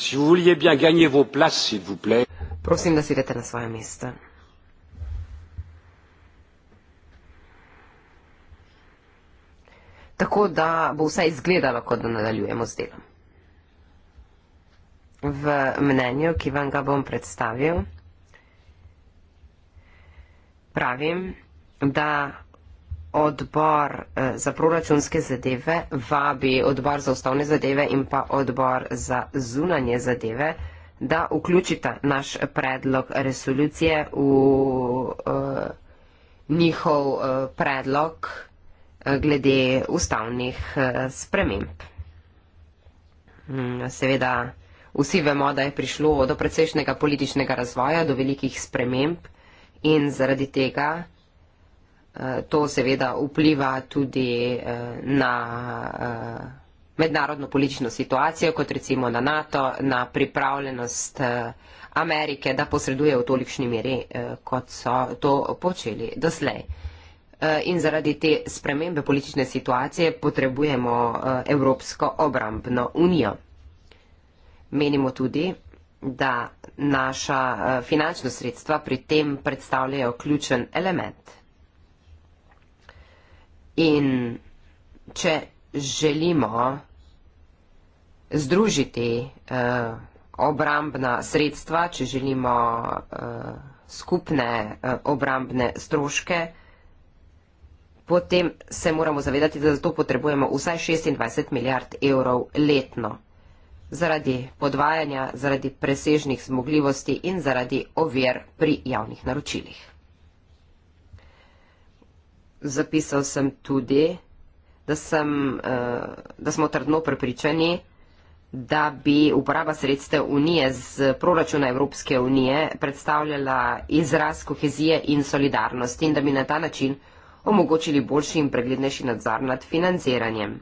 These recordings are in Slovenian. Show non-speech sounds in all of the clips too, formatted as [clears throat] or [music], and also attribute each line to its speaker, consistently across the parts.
Speaker 1: Si vous vouliez bien gagner vos places, s'il vous plaît.
Speaker 2: Prosim, da sedete na svoje mesto. Tako da bo vsaj izgledalo, kot da nadaljujemo z delom. V mnenju, ki vam ga bom predstavil, pravim, da odbor eh, za proračunske zadeve vabi odbor za ustavne zadeve in pa odbor za zunanje zadeve, da vključite naš predlog resolucije v uh, njihov uh, predlog glede ustavnih sprememb. Mm, seveda, vsi vemo, da je prišlo do precejšnjega političnega razvoja, do velikih sprememb in zaradi tega to seveda vpliva tudi eh, na eh, mednarodno politično situacijo, kot recimo na NATO, na pripravljenost eh, Amerike, da posreduje v tolikšni meri, kot so to počeli doslej. In zaradi te spremembe politične situacije potrebujemo Evropsko obrambno unijo. Menimo tudi, da naša finančna sredstva pri tem predstavljajo ključen element – In če želimo združiti uh, obrambna sredstva, če želimo uh, skupne uh, obrambne stroške, potem se moramo zavedati, da za to potrebujemo vsaj 26 milijard evrov letno. Zaradi podvajanja, zaradi presežnih zmogljivosti in zaradi ovir pri javnih naročilih zapisal sem tudi, da, sem, eh, da smo trdno prepričani, da bi uporaba sredstev unije z proračuna Evropske unije predstavljala izraz kohezije in solidarnosti in da bi na ta način omogočili boljši in preglednejši nadzor nad financiranjem.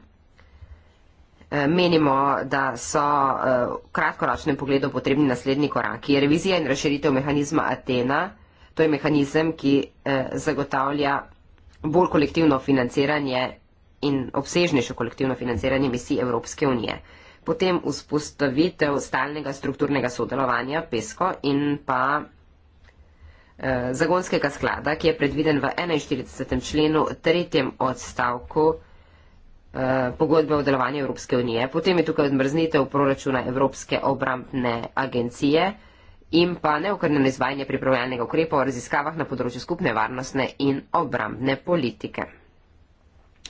Speaker 2: Eh, menimo, da so v eh, kratkoročnem pogledu potrebni naslednji koraki. Revizija in razširitev mehanizma Atena, to je mehanizem, ki zagotavlja bolj kolektivno financiranje in obsežnejšo kolektivno financiranje misij Evropske unije. Potem vzpostavitev stalnega strukturnega sodelovanja PESCO in pa eh, zagonskega sklada, ki je predviden v 41. členu, tretjem odstavku eh, pogodbe o delovanju Evropske unije. Potem je tukaj odmrznitev proračuna Evropske obrambne agencije in pa neokrnjeno izvajanje pripravljalnega ukrepa o raziskavah na področju skupne varnostne in obrambne politike.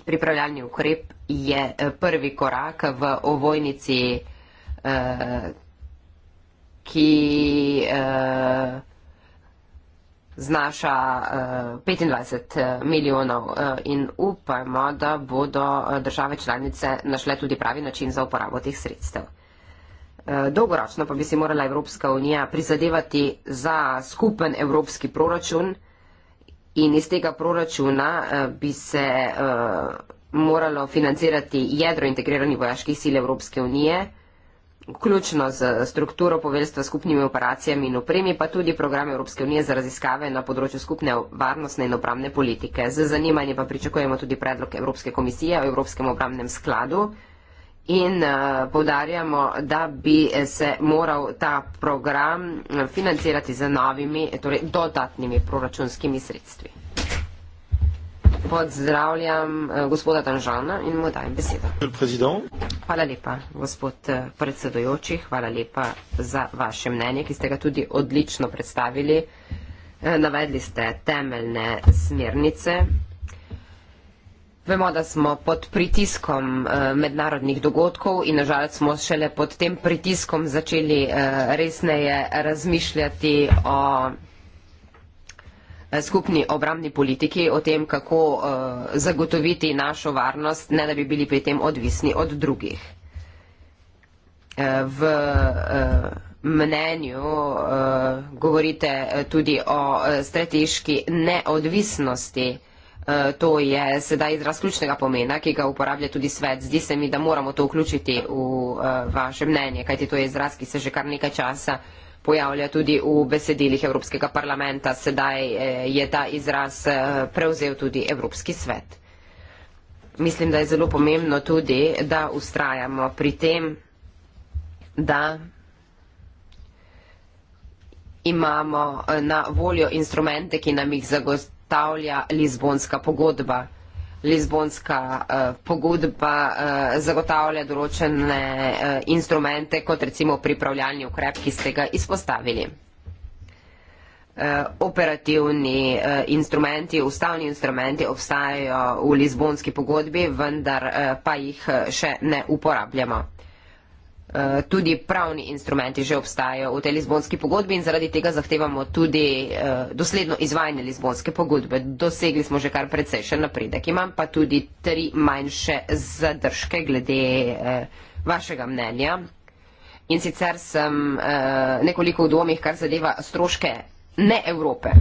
Speaker 2: Pripravljalni ukrep je eh, prvi korak v ovojnici, eh, ki eh, znaša 25 milijonov in upajmo, da bodo države članice našle tudi pravi način za uporabo teh sredstev. Eh, dolgoročno pa bi si morala Evropska unija prizadevati za skupen evropski proračun in iz tega proračuna eh, bi se eh, moralo financirati jedro integriranih vojaških sil Evropske unije, vključno z strukturo poveljstva skupnimi operacijami in opremi, pa tudi program Evropske unije za raziskave na področju skupne varnostne in obramne politike. Z zanimanje pa pričakujemo tudi predlog Evropske komisije o Evropskem obramnem skladu in eh, povdarjamo, da bi se moral ta program eh, financirati z novimi, torej dodatnimi proračunskimi sredstvi. Pozdravljam eh, gospoda Danžana in mu dajem besedo. Hvala lepa, gospod predsedojoči, hvala lepa za vaše mnenje, ki ste ga tudi odlično predstavili. Navedli ste temeljne smernice Vemo, da smo pod pritiskom eh, mednarodnih dogodkov in nažal smo šele pod tem pritiskom začeli eh, resneje razmišljati o eh, skupni obramni politiki, o tem, kako zagotoviti našo varnost, ne da bi bili pri tem odvisni od drugih. V mnenju govorite tudi o strateški neodvisnosti Eh, to je sedaj izraz ključnega pomena, ki ga uporablja tudi svet. Zdi se mi, da moramo to vključiti v eh, vaše mnenje, kajti to je izraz, ki se že kar nekaj časa pojavlja tudi v besedilih Evropskega parlamenta. Sedaj eh, je ta izraz prevzel tudi Evropski svet. Mislim, da je zelo pomembno tudi, da ustrajamo pri tem, da imamo na voljo instrumente, ki nam jih zagotovijo zagotavlja Lizbonska pogodba. Lizbonska eh, pogodba eh, zagotavlja določene eh, instrumente, kot recimo pripravljalni ukrep, ki ste ga izpostavili. Eh, operativni eh, instrumenti, ustavni instrumenti obstajajo v Lizbonski pogodbi, vendar eh, pa jih eh, še ne uporabljamo. Eh, tudi pravni instrumenti že obstajajo v tej Lizbonski pogodbi in zaradi tega zahtevamo tudi eh, dosledno izvajanje Lizbonske pogodbe. Dosegli smo že kar precejšen napredek. Imam pa tudi tri manjše zadržke glede eh, vašega mnenja. In sicer sem nekoliko v domih, kar zadeva stroške ne Evrope.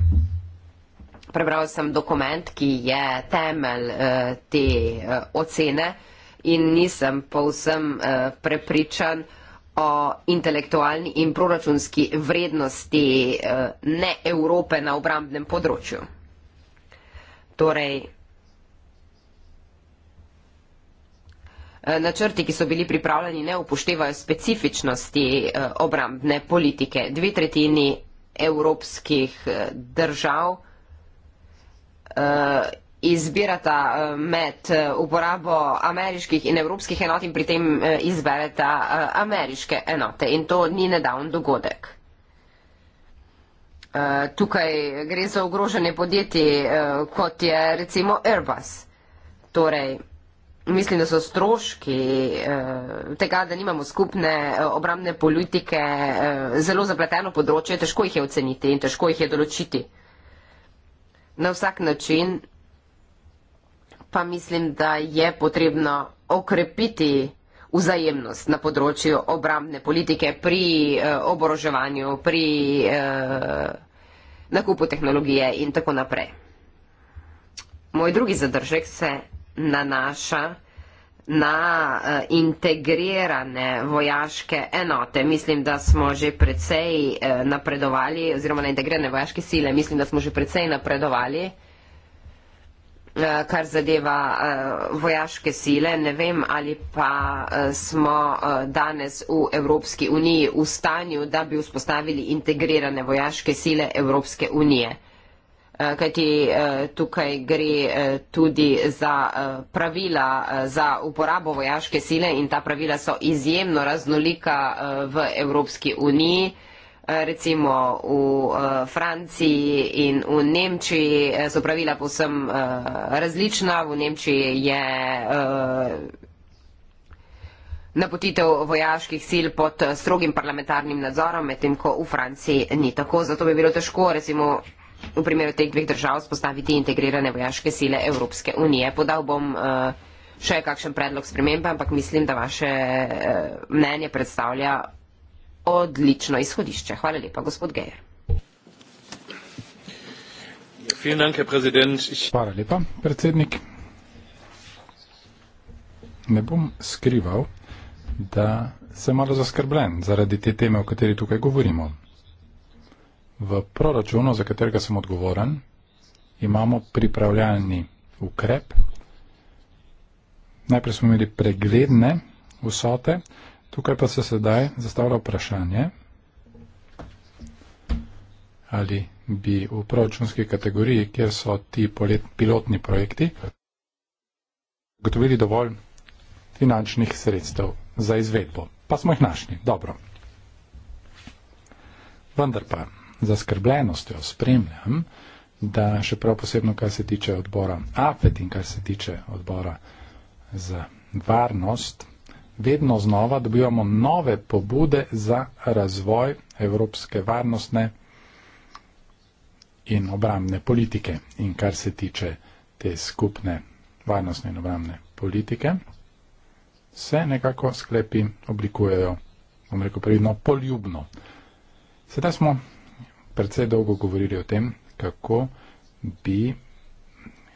Speaker 2: Prebral sem dokument, ki je temelj te ocene, ki je temelj te ocene, in nisem povsem uh, prepričan o intelektualni in proračunski vrednosti uh, ne Evrope na obrambnem področju. Torej, eh, Načrti, ki so bili pripravljeni, ne upoštevajo specifičnosti obrambne politike. Dve tretjini evropskih držav izbirata eh, med eh, uporabo ameriških in evropskih enot in pri tem eh, izbereta ameriške enote. In to ni nedavn dogodek. Tukaj gre za ogrožene podjetje, kot je recimo Airbus. Torej, mislim, da so stroški tega, da nimamo skupne obramne politike, zelo zapleteno področje, težko jih je oceniti in težko jih je določiti. Na vsak način pa mislim, da je potrebno okrepiti vzajemnost na področju obramne politike pri eh, oboroževanju, pri eh, nakupu tehnologije in tako naprej. Moj drugi zadržek se nanaša na eh, integrirane vojaške enote. Mislim, da smo že precej eh, napredovali, oziroma na integrirane vojaške sile, mislim, da smo že precej napredovali eh, Eh, kar zadeva eh, vojaške sile. Ne vem, ali pa eh, smo danes v Evropski uniji v stanju, da bi vzpostavili integrirane vojaške sile Evropske unije. Kajti tukaj gre tudi za pravila za uporabo vojaške sile in ta pravila so izjemno raznolika v Evropski uniji recimo v eh, Franciji in v Nemčiji eh, so pravila posem eh, različna. V Nemčiji je napotitev vojaških sil pod strogim parlamentarnim nadzorom, medtem ko v Franciji ni tako. Zato bi bilo težko, recimo, v primeru teh dveh držav spostaviti integrirane vojaške sile Evropske unije. Podal bom še kakšen predlog spremembe, ampak mislim, da vaše mnenje predstavlja odlično izhodišče. Hvala lepa, gospod Gejer. Hvala lepa, predsednik.
Speaker 1: Ne bom skrival, da sem malo zaskrbljen zaradi te teme, o kateri tukaj govorimo. V proračunu, za katerega sem odgovoren, imamo pripravljalni ukrep. Najprej smo imeli pregledne vsote, Tukaj pa se sedaj zastavlja vprašanje, ali bi v proračunski kategoriji, kjer so ti polet, pilotni projekti, gotovili dovolj finančnih sredstev za izvedbo. Pa smo jih našli. Dobro. Vendar pa za skrbljenostjo spremljam, da še prav posebno, kar se tiče odbora AFED in kar se tiče odbora za varnost, vedno znova dobivamo nove pobude za razvoj evropske varnostne in obramne politike. In kar se tiče te skupne varnostne in obramne politike, se nekako sklepi oblikujejo, bom rekel, previdno poljubno. Sedaj smo predvsej dolgo govorili o tem, kako bi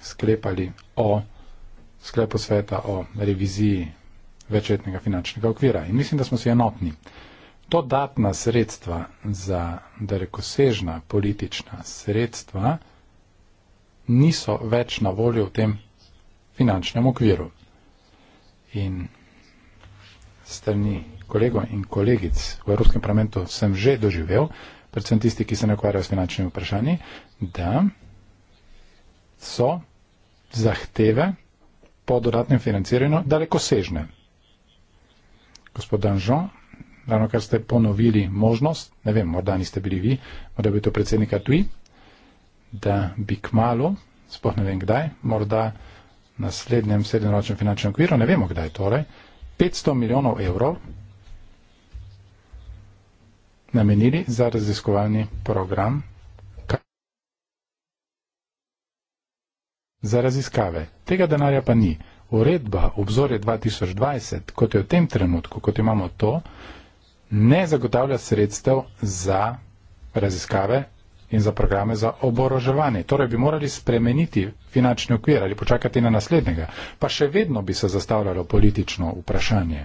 Speaker 1: sklepali o sklepu sveta o reviziji večletnega finančnega okvira. In mislim, da smo si enotni. Dodatna sredstva za darekosežna politična sredstva niso več na voljo v tem finančnem okviru. In strani kolego in kolegic v Evropskem parlamentu sem že doživel, predvsem tisti, ki se ne ukvarjajo s finančnimi vprašanji, da so zahteve po dodatnem financiranju daleko sežne gospod Danžon, ravno kar ste ponovili možnost, ne vem, morda niste bili vi, morda bi to predsednika tuji, da bi kmalo, sploh ne vem kdaj, morda na naslednjem srednjeročnem finančnem okviru, ne vemo kdaj torej, 500 milijonov evrov namenili za raziskovalni program za raziskave. Tega denarja pa ni uredba obzorje 2020, kot je v tem trenutku, kot imamo to, ne zagotavlja sredstev za raziskave in za programe za oboroževanje. Torej bi morali spremeniti finančni okvir ali počakati na naslednjega. Pa še vedno bi se zastavljalo politično vprašanje.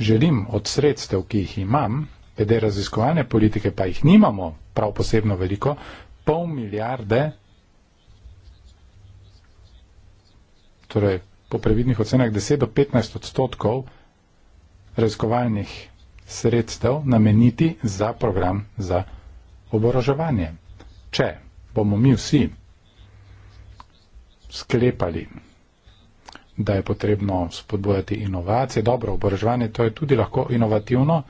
Speaker 1: Želim od sredstev, ki jih imam, glede raziskovane politike, pa jih nimamo prav posebno veliko, pol milijarde torej po previdnih ocenah 10 do 15 odstotkov raziskovalnih sredstev nameniti za program za oboroževanje. Če bomo mi vsi sklepali, da je potrebno spodbujati inovacije, dobro, oboroževanje to je tudi lahko inovativno,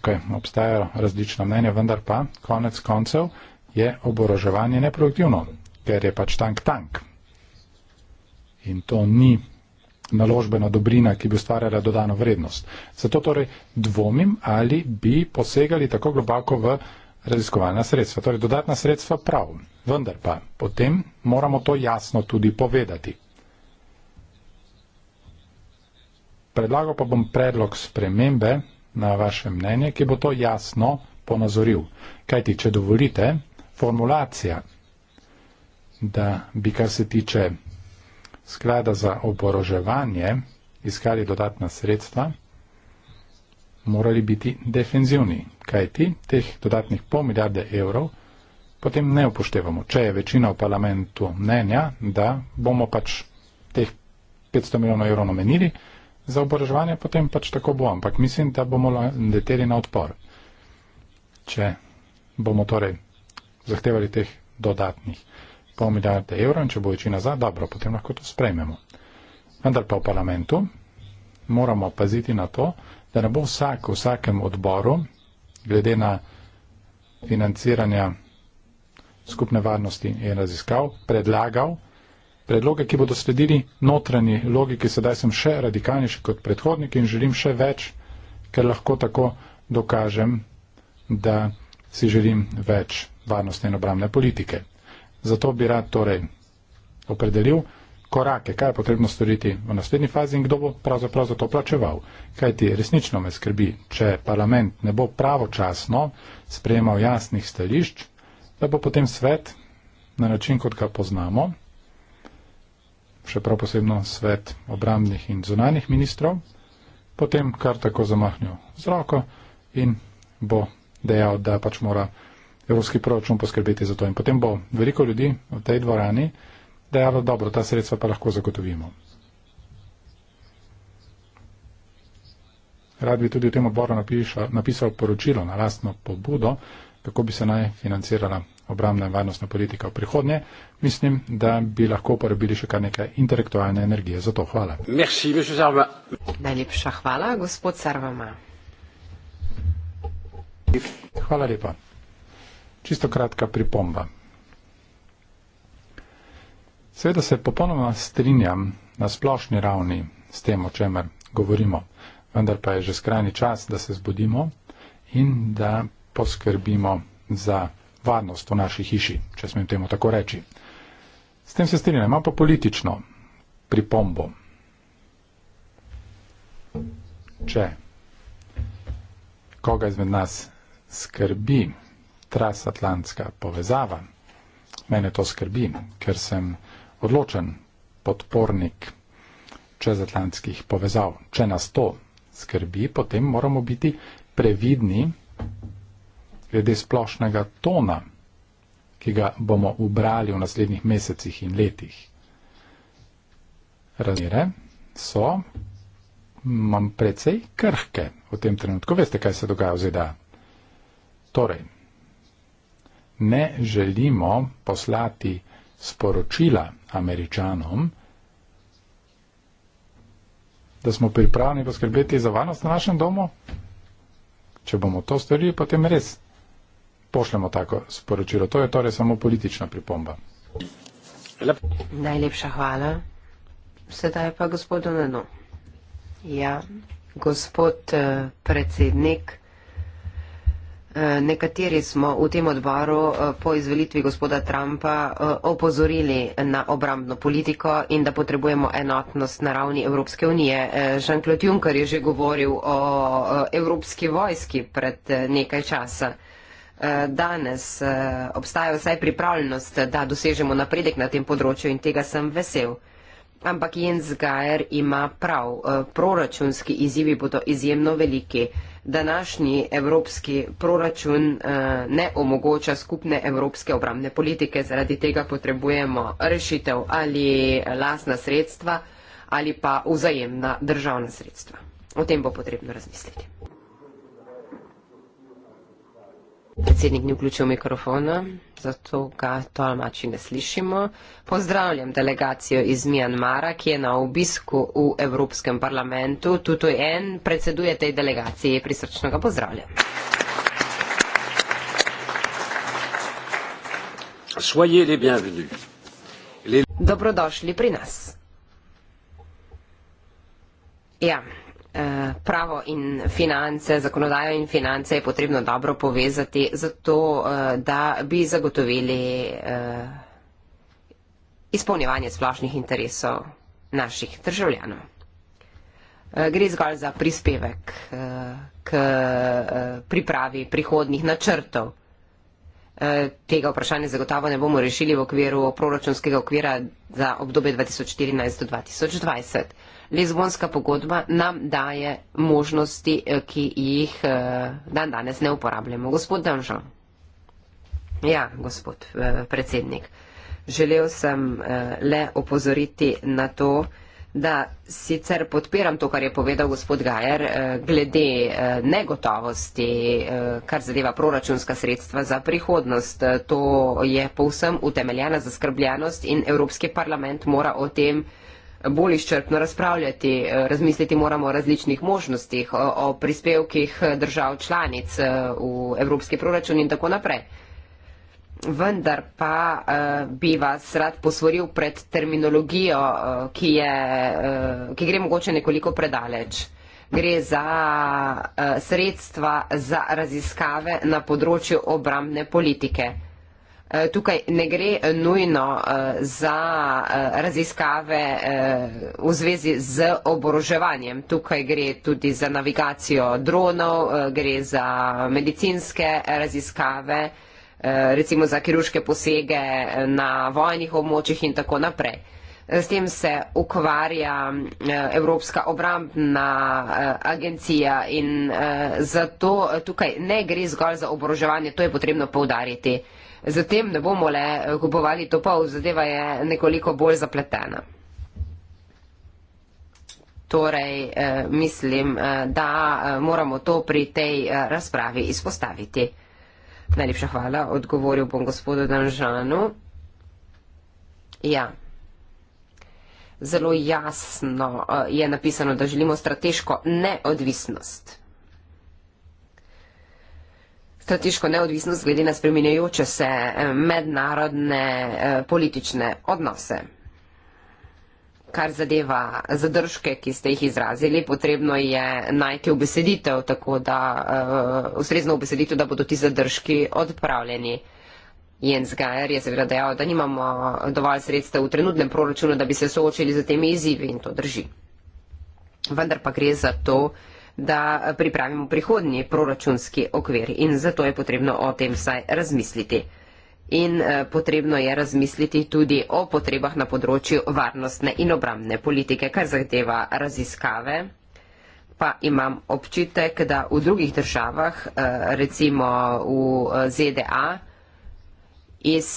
Speaker 1: okay, obstajajo različna mnenja, vendar pa konec koncev je oboroževanje neproduktivno, ker je pač tank tank in to ni naložbena dobrina, ki bi ustvarjala dodano vrednost. Zato torej dvomim, ali bi posegali tako globoko v raziskovalna sredstva. Torej dodatna sredstva prav, vendar pa potem moramo to jasno tudi povedati. Predlago pa bom predlog spremembe na vaše mnenje, ki bo to jasno ponazoril. Kajti, če dovolite, formulacija, da bi kar se tiče sklada za oboroževanje iskali dodatna sredstva, morali biti defenzivni, kajti teh dodatnih pol milijarde evrov potem ne upoštevamo, če je večina v parlamentu mnenja, da bomo pač teh 500 milijonov evrov namenili za oboroževanje, potem pač tako bo, ampak mislim, da bomo leteli na odpor. Če bomo torej zahtevali teh dodatnih pol milijarde evrov in če bo večina za, dobro, potem lahko to sprejmemo. Vendar pa v parlamentu moramo paziti na to, da ne bo vsak v vsakem odboru, glede na financiranja skupne varnosti in raziskav, predlagal predloge, ki bodo sledili notranji logiki. Sedaj sem še radikalnejši kot predhodnik in želim še več, ker lahko tako dokažem, da si želim več varnostne in obramne politike. Zato bi rad torej opredelil korake, kaj je potrebno storiti v naslednji fazi in kdo bo pravzaprav za to plačeval. Kaj ti resnično me skrbi, če parlament ne bo pravočasno sprejemal jasnih stališč, da bo potem svet na način, kot ga poznamo, še prav posebno svet obramnih in zunanih ministrov, potem kar tako zamahnil z roko in bo dejal, da pač mora evropski proračun poskrbeti za to. In potem bo veliko ljudi v tej dvorani dejalo, dobro, ta sredstva pa lahko zagotovimo. Rad bi tudi v tem oboru napisal poročilo na lastno pobudo, kako bi se naj financirala obramna in varnostna politika v prihodnje. Mislim, da bi lahko uporabili še kar nekaj intelektualne energije. Zato hvala.
Speaker 2: Merci, Najlepša hvala, gospod Sarvama.
Speaker 1: Hvala lepa. Čisto kratka pripomba. Sveda se popolnoma strinjam na splošni ravni s tem, o čemer govorimo, vendar pa je že skrajni čas, da se zbudimo in da poskrbimo za varnost v naši hiši, če smem temu tako reči. S tem se strinjam, imam pa politično pripombo. Če koga izmed nas skrbi, transatlantska povezava. Mene to skrbi, ker sem odločen podpornik čezatlantskih povezav. Če nas to skrbi, potem moramo biti previdni glede splošnega tona, ki ga bomo ubrali v naslednjih mesecih in letih. Razmere so imam precej krhke v tem trenutku. Veste, kaj se dogaja v ZDA. Torej, ne želimo poslati sporočila američanom, da smo pripravljeni poskrbeti za varnost na našem domu, če bomo to storili, potem res pošljemo tako sporočilo. To je torej samo politična pripomba.
Speaker 2: Lep. Najlepša hvala. Sedaj pa gospod Donano. Ja, gospod eh, predsednik. Eh, nekateri smo v tem odboru eh, po izvolitvi gospoda Trumpa eh, opozorili na obrambno politiko in da potrebujemo enotnost na ravni Evropske unije. Jean-Claude Juncker je že govoril o evropski vojski pred nekaj časa. Danes obstaja vsaj pripravljenost, da dosežemo napredek na tem področju in tega sem vesel. Ampak Jens Gajer ima prav, eh, proračunski izzivi bodo izjemno veliki. Današnji evropski proračun eh, ne omogoča skupne evropske obramne politike, zaradi tega potrebujemo rešitev ali lasna sredstva ali pa vzajemna državna sredstva. O tem bo potrebno razmisliti. Predsednik ni vključil mikrofona, zato ga tolmači ne slišimo. Pozdravljam delegacijo iz Mjanmara, ki je na obisku v Evropskem parlamentu. Tutu En predseduje tej delegaciji. Prisrčno ga pozdravljam. Soyez les bienvenus. Les... Dobrodošli pri nas. Ja eh, pravo in finance, zakonodajo in finance je potrebno dobro povezati, zato eh, da bi zagotovili eh, izpolnjevanje splošnih interesov naših državljanov. Eh, gre zgolj za prispevek eh, k eh, pripravi prihodnih načrtov. Eh, tega vprašanja zagotovo ne bomo rešili v okviru proračunskega okvira za obdobje 2014 do 2020. Lizbonska pogodba nam daje možnosti, eh, ki jih eh, dan danes ne uporabljamo. Gospod Danžan. Ja, gospod eh, predsednik. Želel sem le opozoriti na to, da sicer podpiram to, kar je povedal gospod Gajer, glede negotovosti, kar zadeva proračunska sredstva za prihodnost. To je povsem utemeljena zaskrbljenost in Evropski parlament mora o tem bolj izčrpno razpravljati. Eh, razmisliti moramo o različnih možnostih, o prispevkih eh, držav članic eh, v evropski proračun in tako naprej. Vendar pa bi vas rad posvoril pred terminologijo, ki, je, ki gre mogoče nekoliko predaleč. Gre za sredstva za raziskave na področju obramne politike. Eh, tukaj ne gre eh, nujno eh, za raziskave v zvezi z oboroževanjem. Tukaj gre tudi za navigacijo dronov, gre za medicinske raziskave, recimo za kiruške posege na vojnih območjih in tako naprej. S tem se ukvarja Evropska obrambna agencija in zato tukaj ne gre zgolj za oboroževanje, to je potrebno povdariti z tem ne bomo le eh, kupovali topov, zadeva je nekoliko bolj zapletena. Torej, eh, mislim, eh, da moramo to pri tej razpravi izpostaviti. Najlepša hvala, odgovoril bom gospodu Danžanu. Ja. Zelo jasno je napisano, da želimo strateško neodvisnost strateško neodvisnost glede na spremenjajoče se eh, mednarodne eh, politične odnose. Kar zadeva zadržke, ki ste jih izrazili, potrebno je najti obeseditev, tako da uh, ustrezno obeseditev, da bodo ti zadržki odpravljeni. Jens Geier je seveda dejal, da nimamo dovolj sredstev v trenutnem proračunu, da bi se soočili z temi izzivi in to drži. Vendar pa gre za to, uh, da pripravimo prihodnji proračunski okvir in zato je potrebno o tem vsaj razmisliti. In eh, potrebno je razmisliti tudi o potrebah na področju varnostne in obramne politike, kar zahteva raziskave. Pa imam občutek, da v drugih državah, eh, recimo v eh, ZDA, iz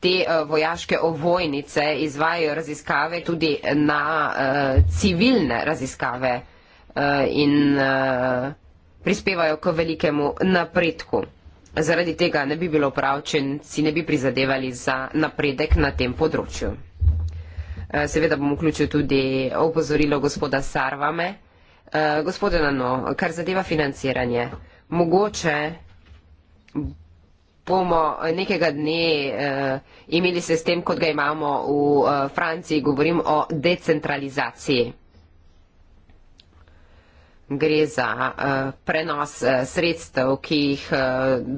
Speaker 2: te eh, vojaške ovojnice izvajajo raziskave tudi na eh, civilne raziskave eh, in prispevajo k velikemu napredku. Zaradi tega ne bi bilo prav, če si ne bi prizadevali za napredek na tem področju. Seveda bom vključil tudi opozorilo gospoda Sarvame. Gospode Nano, kar zadeva financiranje, mogoče bomo eh, nekega dne uh, imeli sistem, kot ga imamo v uh, Franciji, govorim o decentralizaciji. Gre za uh, prenos uh, sredstev, ki jih uh,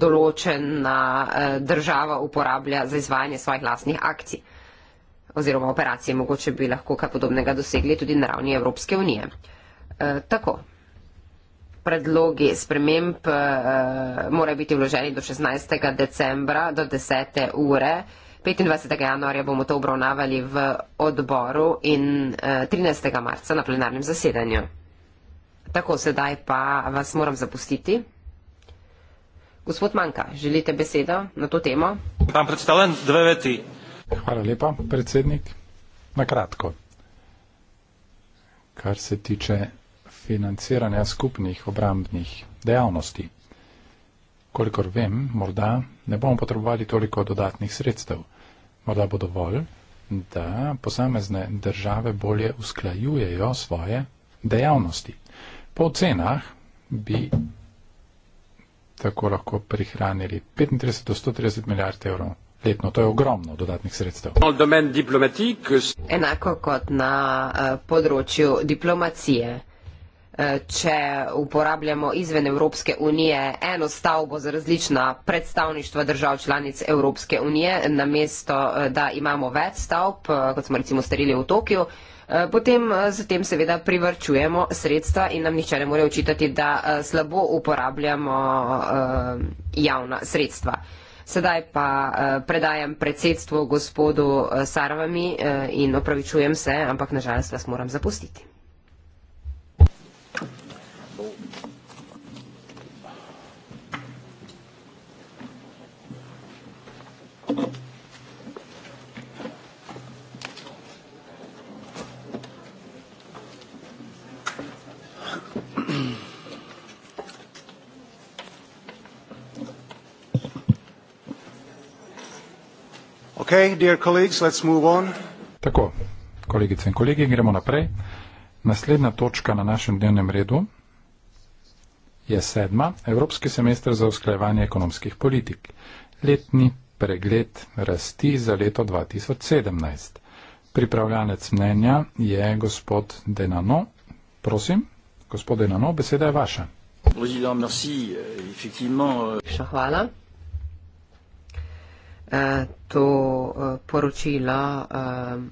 Speaker 2: določena uh, država uporablja za izvajanje svojih lasnih akcij oziroma operacije. Mogoče bi lahko kaj podobnega dosegli tudi na ravni Evropske unije. Uh, tako predlogi sprememb uh, morajo biti vloženi do 16. decembra do 10. ure. 25. januarja bomo to obravnavali v odboru in uh, eh, 13. marca na plenarnem zasedanju. Tako sedaj pa vas moram zapustiti. Gospod Manka, želite besedo na to temo?
Speaker 1: Vam predstavljam dve veti. Hvala lepa, predsednik. Na kratko. Kar se tiče financiranja skupnih obrambnih dejavnosti. Kolikor vem, morda ne bomo potrebovali toliko dodatnih sredstev. Morda bo dovolj, da posamezne države bolje usklajujejo svoje dejavnosti. Po ocenah bi tako lahko prihranili 35 do 130 milijard evrov letno. To je ogromno dodatnih sredstev.
Speaker 2: Enako kot na uh, področju diplomacije če uporabljamo izven Evropske unije eno stavbo za različna predstavništva držav članic Evropske unije, namesto eh, da imamo več stavb, eh, kot smo recimo starili v Tokiju, eh, potem zatem seveda privrčujemo sredstva in nam nihče ne more očitati, da slabo uporabljamo javna sredstva. Sedaj pa predajam predsedstvo gospodu Sarvami in opravičujem se, ampak nažalost vas moram zapustiti.
Speaker 3: Okay, dear colleagues, let's move on. Tako,
Speaker 1: kolegice in kolegi, gremo naprej. Naslednja točka na našem dnevnem redu je sedma, Evropski semester za usklajevanje ekonomskih politik. Letni pregled rasti za leto 2017. Pripravljanec mnenja je gospod Denano. Prosim, gospod Denano, beseda je vaša.
Speaker 2: Euh, Še hvala. Eh, to eh, poročilo eh,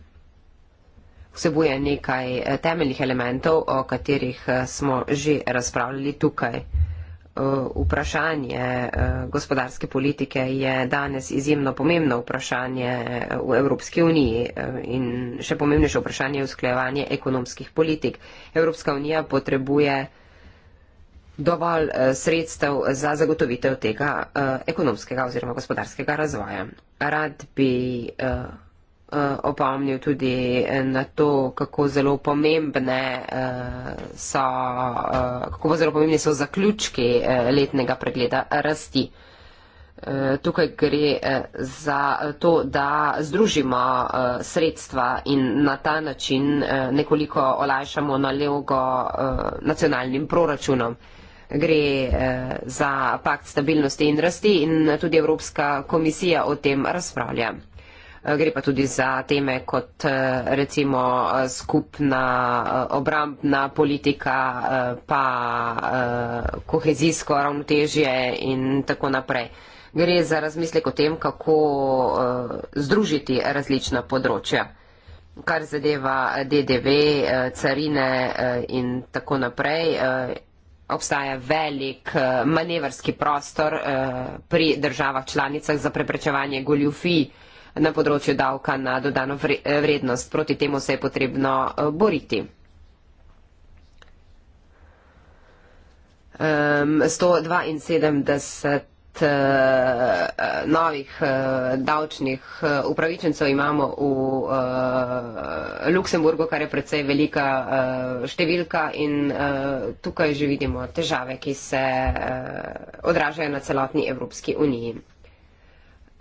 Speaker 2: vsebuje nekaj temeljnih elementov, o katerih smo že razpravljali tukaj. Eh, vprašanje eh, gospodarske politike je danes izjemno pomembno vprašanje eh, v Evropski uniji in še pomembnejše vprašanje je usklejevanje ekonomskih politik. Evropska unija potrebuje dovolj sredstev za zagotovitev tega ekonomskega oziroma gospodarskega razvoja. Rad bi Eh, opomnil tudi na to, kako zelo pomembne eh, so, eh, kako zelo pomembni so zaključki letnega pregleda rasti. Tukaj gre za to, da združimo sredstva in na ta način nekoliko olajšamo nalogo nacionalnim proračunom. Gre za pakt stabilnosti in rasti in tudi Evropska komisija o tem razpravlja. Eh, gre pa tudi za teme kot eh, recimo eh, skupna obrambna politika, pa kohezijsko ravnotežje in tako naprej. Gre za razmislek o tem, kako združiti različna področja, kar zadeva DDV, carine in tako naprej. Obstaja velik manevrski prostor pri državah članicah za preprečevanje goljufij na področju davka na dodano vrednost. Proti temu se je potrebno eh, boriti. 172 eh, eh, novih davčnih upravičencev imamo v Luksemburgu, kar je predvsej velika številka in tukaj že vidimo težave, ki se odražajo na celotni Evropski uniji.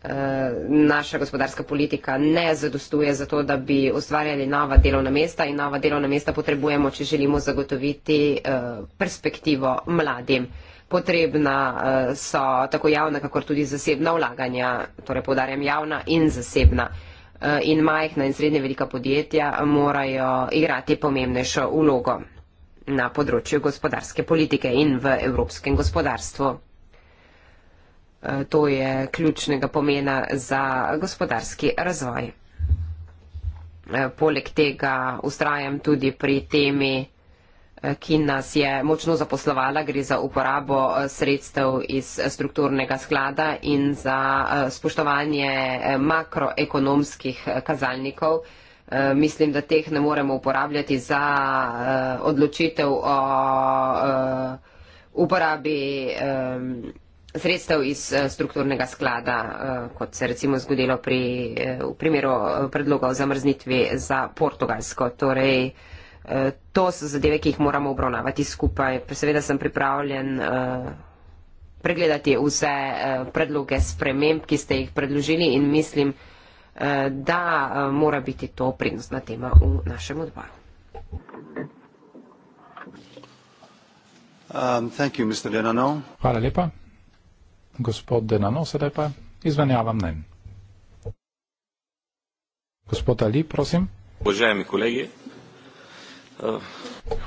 Speaker 2: Eh, naša gospodarska politika ne zadostuje za to, da bi ustvarjali nova delovna mesta in nova delovna mesta potrebujemo, če želimo zagotoviti eh, perspektivo mladim. Potrebna eh, so tako javna, kakor tudi zasebna vlaganja, torej podarjam javna in zasebna. In majhna in srednje velika podjetja morajo igrati pomembnejšo ulogo na področju gospodarske politike in v evropskem gospodarstvu. Eh, to je ključnega pomena za gospodarski razvoj. Eh, poleg tega ustrajam tudi pri temi, eh, ki nas je močno zaposlovala, gre za uporabo sredstev iz strukturnega sklada in za spoštovanje makroekonomskih kazalnikov. Mislim, da teh ne moremo uporabljati za odločitev o uporabi sredstev iz eh, strukturnega sklada, eh, kot se recimo zgodilo pri, eh, v primeru predloga o zamrznitvi za Portugalsko. Torej, to so zadeve, ki jih moramo obravnavati skupaj. Seveda sem pripravljen pregledati vse predloge sprememb, ki ste jih predložili in mislim, da mora biti to prednostna tema v našem odboru. Um,
Speaker 4: you,
Speaker 1: Hvala lepa. Gospod Denanosedepa, izvenjava mnen. Gospod Ali, prosim. Božajami kolegi. Eh.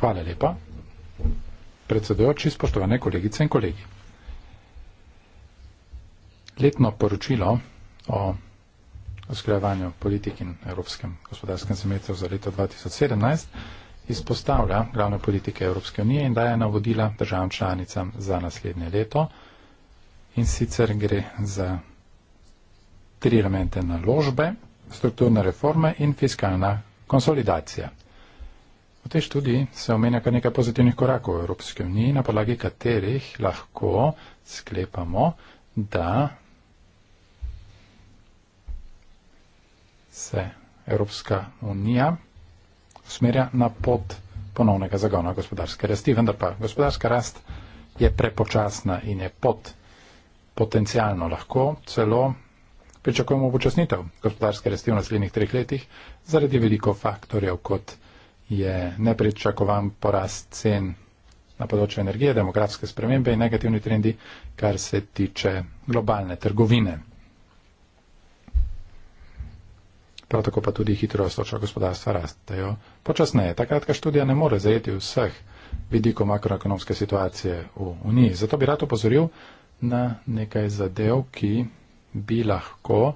Speaker 1: Hvala lepa. Predsedojoči, spoštovane kolegice in kolegi. Letno poročilo o usklajevanju politik in Evropskem gospodarskem semestru za leto 2017 izpostavlja glavne politike Evropske unije in daje navodila državam članicam za naslednje leto In sicer gre za tri elemente naložbe, strukturne reforme in fiskalna konsolidacija. V tej študiji se omenja kar nekaj pozitivnih korakov v Evropske unije, na podlagi katerih lahko sklepamo, da se Evropska unija usmerja na pot ponovnega zagona gospodarske rasti, vendar pa gospodarska rast je prepočasna in je pot potencialno lahko celo pričakujemo upočasnitev gospodarske rasti v naslednjih treh letih zaradi veliko faktorjev, kot je nepričakovan porast cen na področju energije, demografske spremembe in negativni trendi, kar se tiče globalne trgovine. Prav tako pa tudi hitro stočo gospodarstva rastejo počasneje. Takratka študija ne more zajeti vseh vidikov makroekonomske situacije v Uniji. Zato bi rad upozoril, na nekaj zadev, ki bi lahko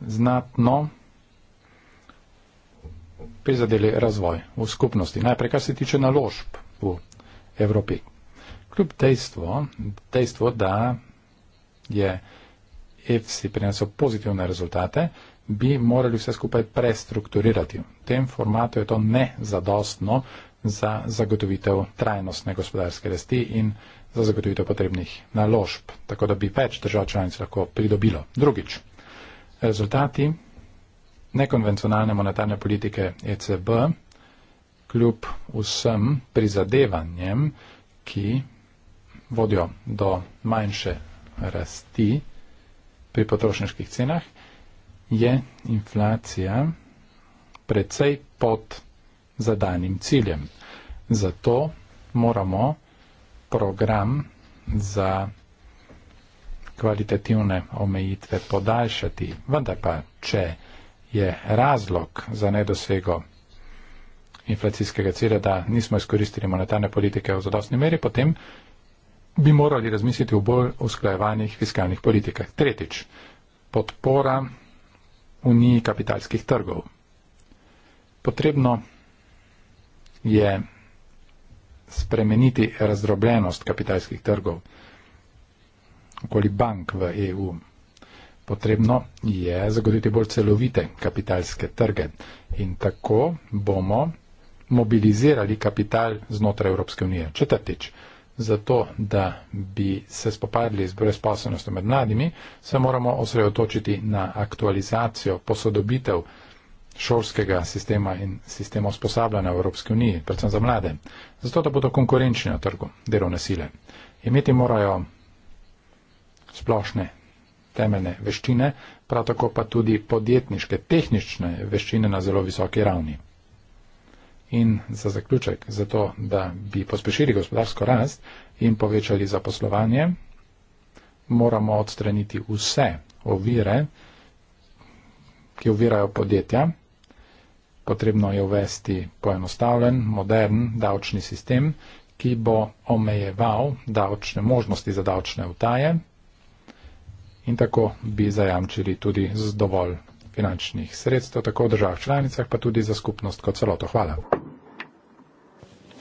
Speaker 1: znatno prizadeli razvoj v skupnosti. Najprej, kar se tiče naložb v Evropi. Kljub dejstvo, dejstvo, da je EFSI prinesel pozitivne rezultate, bi morali vse skupaj prestrukturirati. V tem formatu je to nezadostno za zagotovitev trajnostne gospodarske rasti in za zagotovitev potrebnih naložb, tako da bi več držav članic lahko pridobilo. Drugič, rezultati nekonvencionalne monetarne politike ECB kljub vsem prizadevanjem, ki vodijo do manjše rasti pri potrošniških cenah, je inflacija precej pod zadanim ciljem. Zato moramo program za kvalitativne omejitve podaljšati. Vendar pa, če je razlog za nedosego inflacijskega cilja, da nismo izkoristili monetarne politike v zadostni meri, potem bi morali razmisliti v bolj usklajevanih fiskalnih politikah. Tretjič, podpora uniji kapitalskih trgov. Potrebno je spremeniti razdrobljenost kapitalskih trgov okoli bank v EU. Potrebno je zagotoviti bolj celovite kapitalske trge in tako bomo mobilizirali kapital znotraj Evropske unije. Četrtič, zato da bi se spopadli z brezposobnostjo med mladimi, se moramo osredotočiti na aktualizacijo, posodobitev šolskega sistema in sistema usposabljanja v Evropski uniji, predvsem za mlade, zato da bodo konkurenčni na trgu delovne sile. Imeti morajo splošne temeljne veščine, prav tako pa tudi podjetniške, tehnične veščine na zelo visoki ravni. In za zaključek, zato da bi pospešili gospodarsko rast in povečali zaposlovanje, moramo odstraniti vse ovire, ki ovirajo podjetja, Potrebno je uvesti poenostavljen, modern davčni sistem, ki bo omejeval davčne možnosti za davčne utaje in tako bi zajamčili tudi z dovolj finančnih sredstev, tako v državah članicah, pa tudi za skupnost kot celoto. Hvala.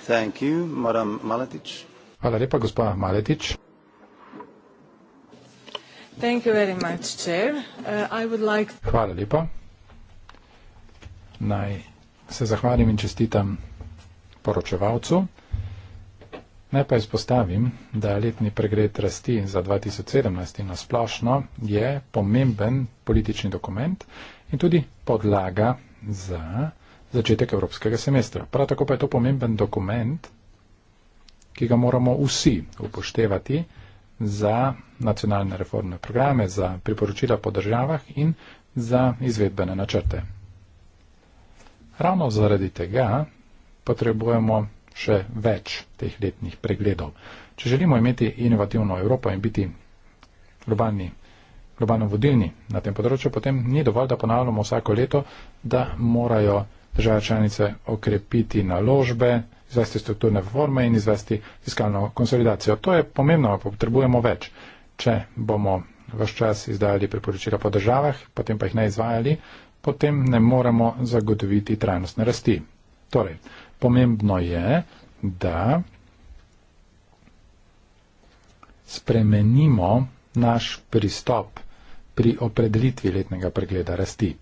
Speaker 1: Thank you, Madam Maletic. Hvala lepa, gospod Maletic.
Speaker 5: Thank you very much, Chair.
Speaker 4: Uh, I would like...
Speaker 1: Hvala lepa naj se zahvalim in čestitam poročevalcu. Naj pa izpostavim, da letni pregled rasti za 2017 in nasplošno je pomemben politični dokument in tudi podlaga za začetek evropskega semestra. Prav tako pa je to pomemben dokument, ki ga moramo vsi upoštevati za nacionalne reformne programe, za priporočila po državah in za izvedbene načrte. Ravno zaradi tega potrebujemo še več teh letnih pregledov. Če želimo imeti inovativno Evropo in biti globalni, globalno vodilni na tem področju, potem ni dovolj, da ponavljamo vsako leto, da morajo države članice okrepiti naložbe, izvesti strukturne reforme in izvesti fiskalno konsolidacijo. To je pomembno, potrebujemo več. Če bomo vse čas izdajali priporočila po državah, potem pa jih ne izvajali, potem ne moremo zagotoviti trajnostne rasti. Torej, pomembno je, da spremenimo naš pristop pri opredelitvi letnega pregleda rasti.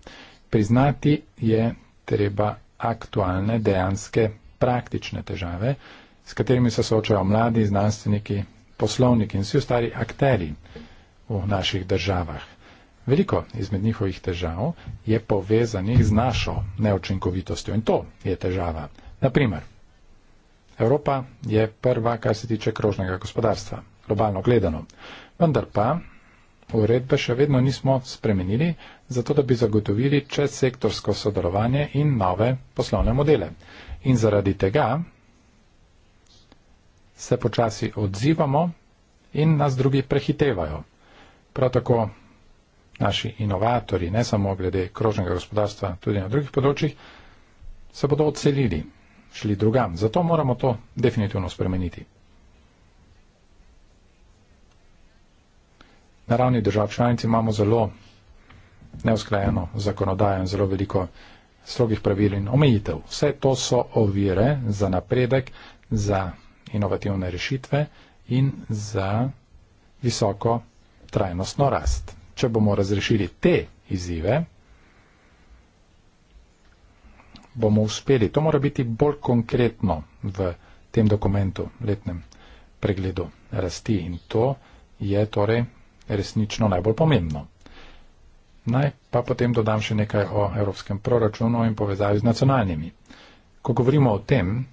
Speaker 1: Priznati je treba aktualne, dejanske, praktične težave, s katerimi se soočajo mladi znanstveniki, poslovniki in vsi ostali akteri v naših državah. Veliko izmed njihovih težav je povezanih z našo neočinkovitostjo in to je težava. Naprimer, Evropa je prva, kar se tiče krožnega gospodarstva, globalno gledano. Vendar pa uredbe še vedno nismo spremenili, zato da bi zagotovili čezsektorsko sodelovanje in nove poslovne modele. In zaradi tega se počasi odzivamo in nas drugi prehitevajo. Prav tako naši inovatori, ne samo glede krožnega gospodarstva, tudi na drugih področjih, se bodo odselili, šli drugam. Zato moramo to definitivno spremeniti. Na ravni držav članic imamo zelo neusklajeno zakonodajo in zelo veliko strogih pravil in omejitev. Vse to so ovire za napredek, za inovativne rešitve in za visoko trajnostno rast če bomo razrešili te izzive, bomo uspeli. To mora biti bolj konkretno v tem dokumentu, letnem pregledu rasti in to je torej resnično najbolj pomembno. Naj pa potem dodam še nekaj o evropskem proračunu in povezavi z nacionalnimi. Ko govorimo o tem,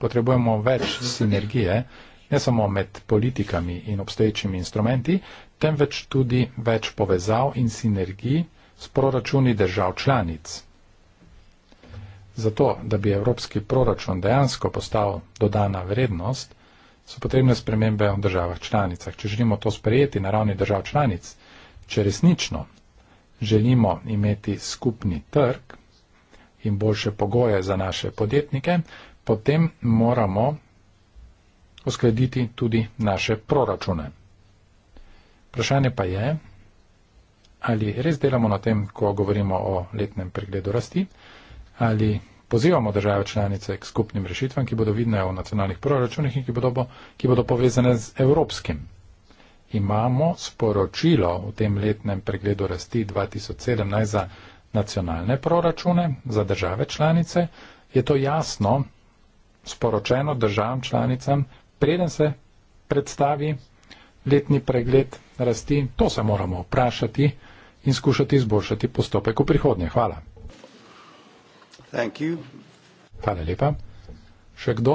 Speaker 1: potrebujemo več sinergije, ne samo med politikami in obstoječimi instrumenti, temveč tudi več povezav in sinergij s proračuni držav članic. Zato, da bi evropski proračun dejansko postal dodana vrednost, so potrebne spremembe v državah članicah. Če želimo to sprejeti na ravni držav članic, če resnično želimo imeti skupni trg in boljše pogoje za naše podjetnike, potem moramo uskladiti tudi naše proračune. Vprašanje pa je, ali res delamo na tem, ko govorimo o letnem pregledu rasti, ali pozivamo države članice k skupnim rešitvam, ki bodo vidne v nacionalnih proračunih in ki bodo, ki bodo povezane z evropskim. Imamo sporočilo v tem letnem pregledu rasti 2017 za nacionalne proračune, za države članice. Je to jasno sporočeno državam članicam, preden se predstavi letni pregled rasti, to se moramo vprašati in skušati izboljšati postopek v prihodnje. Hvala. Hvala lepa. Še kdo?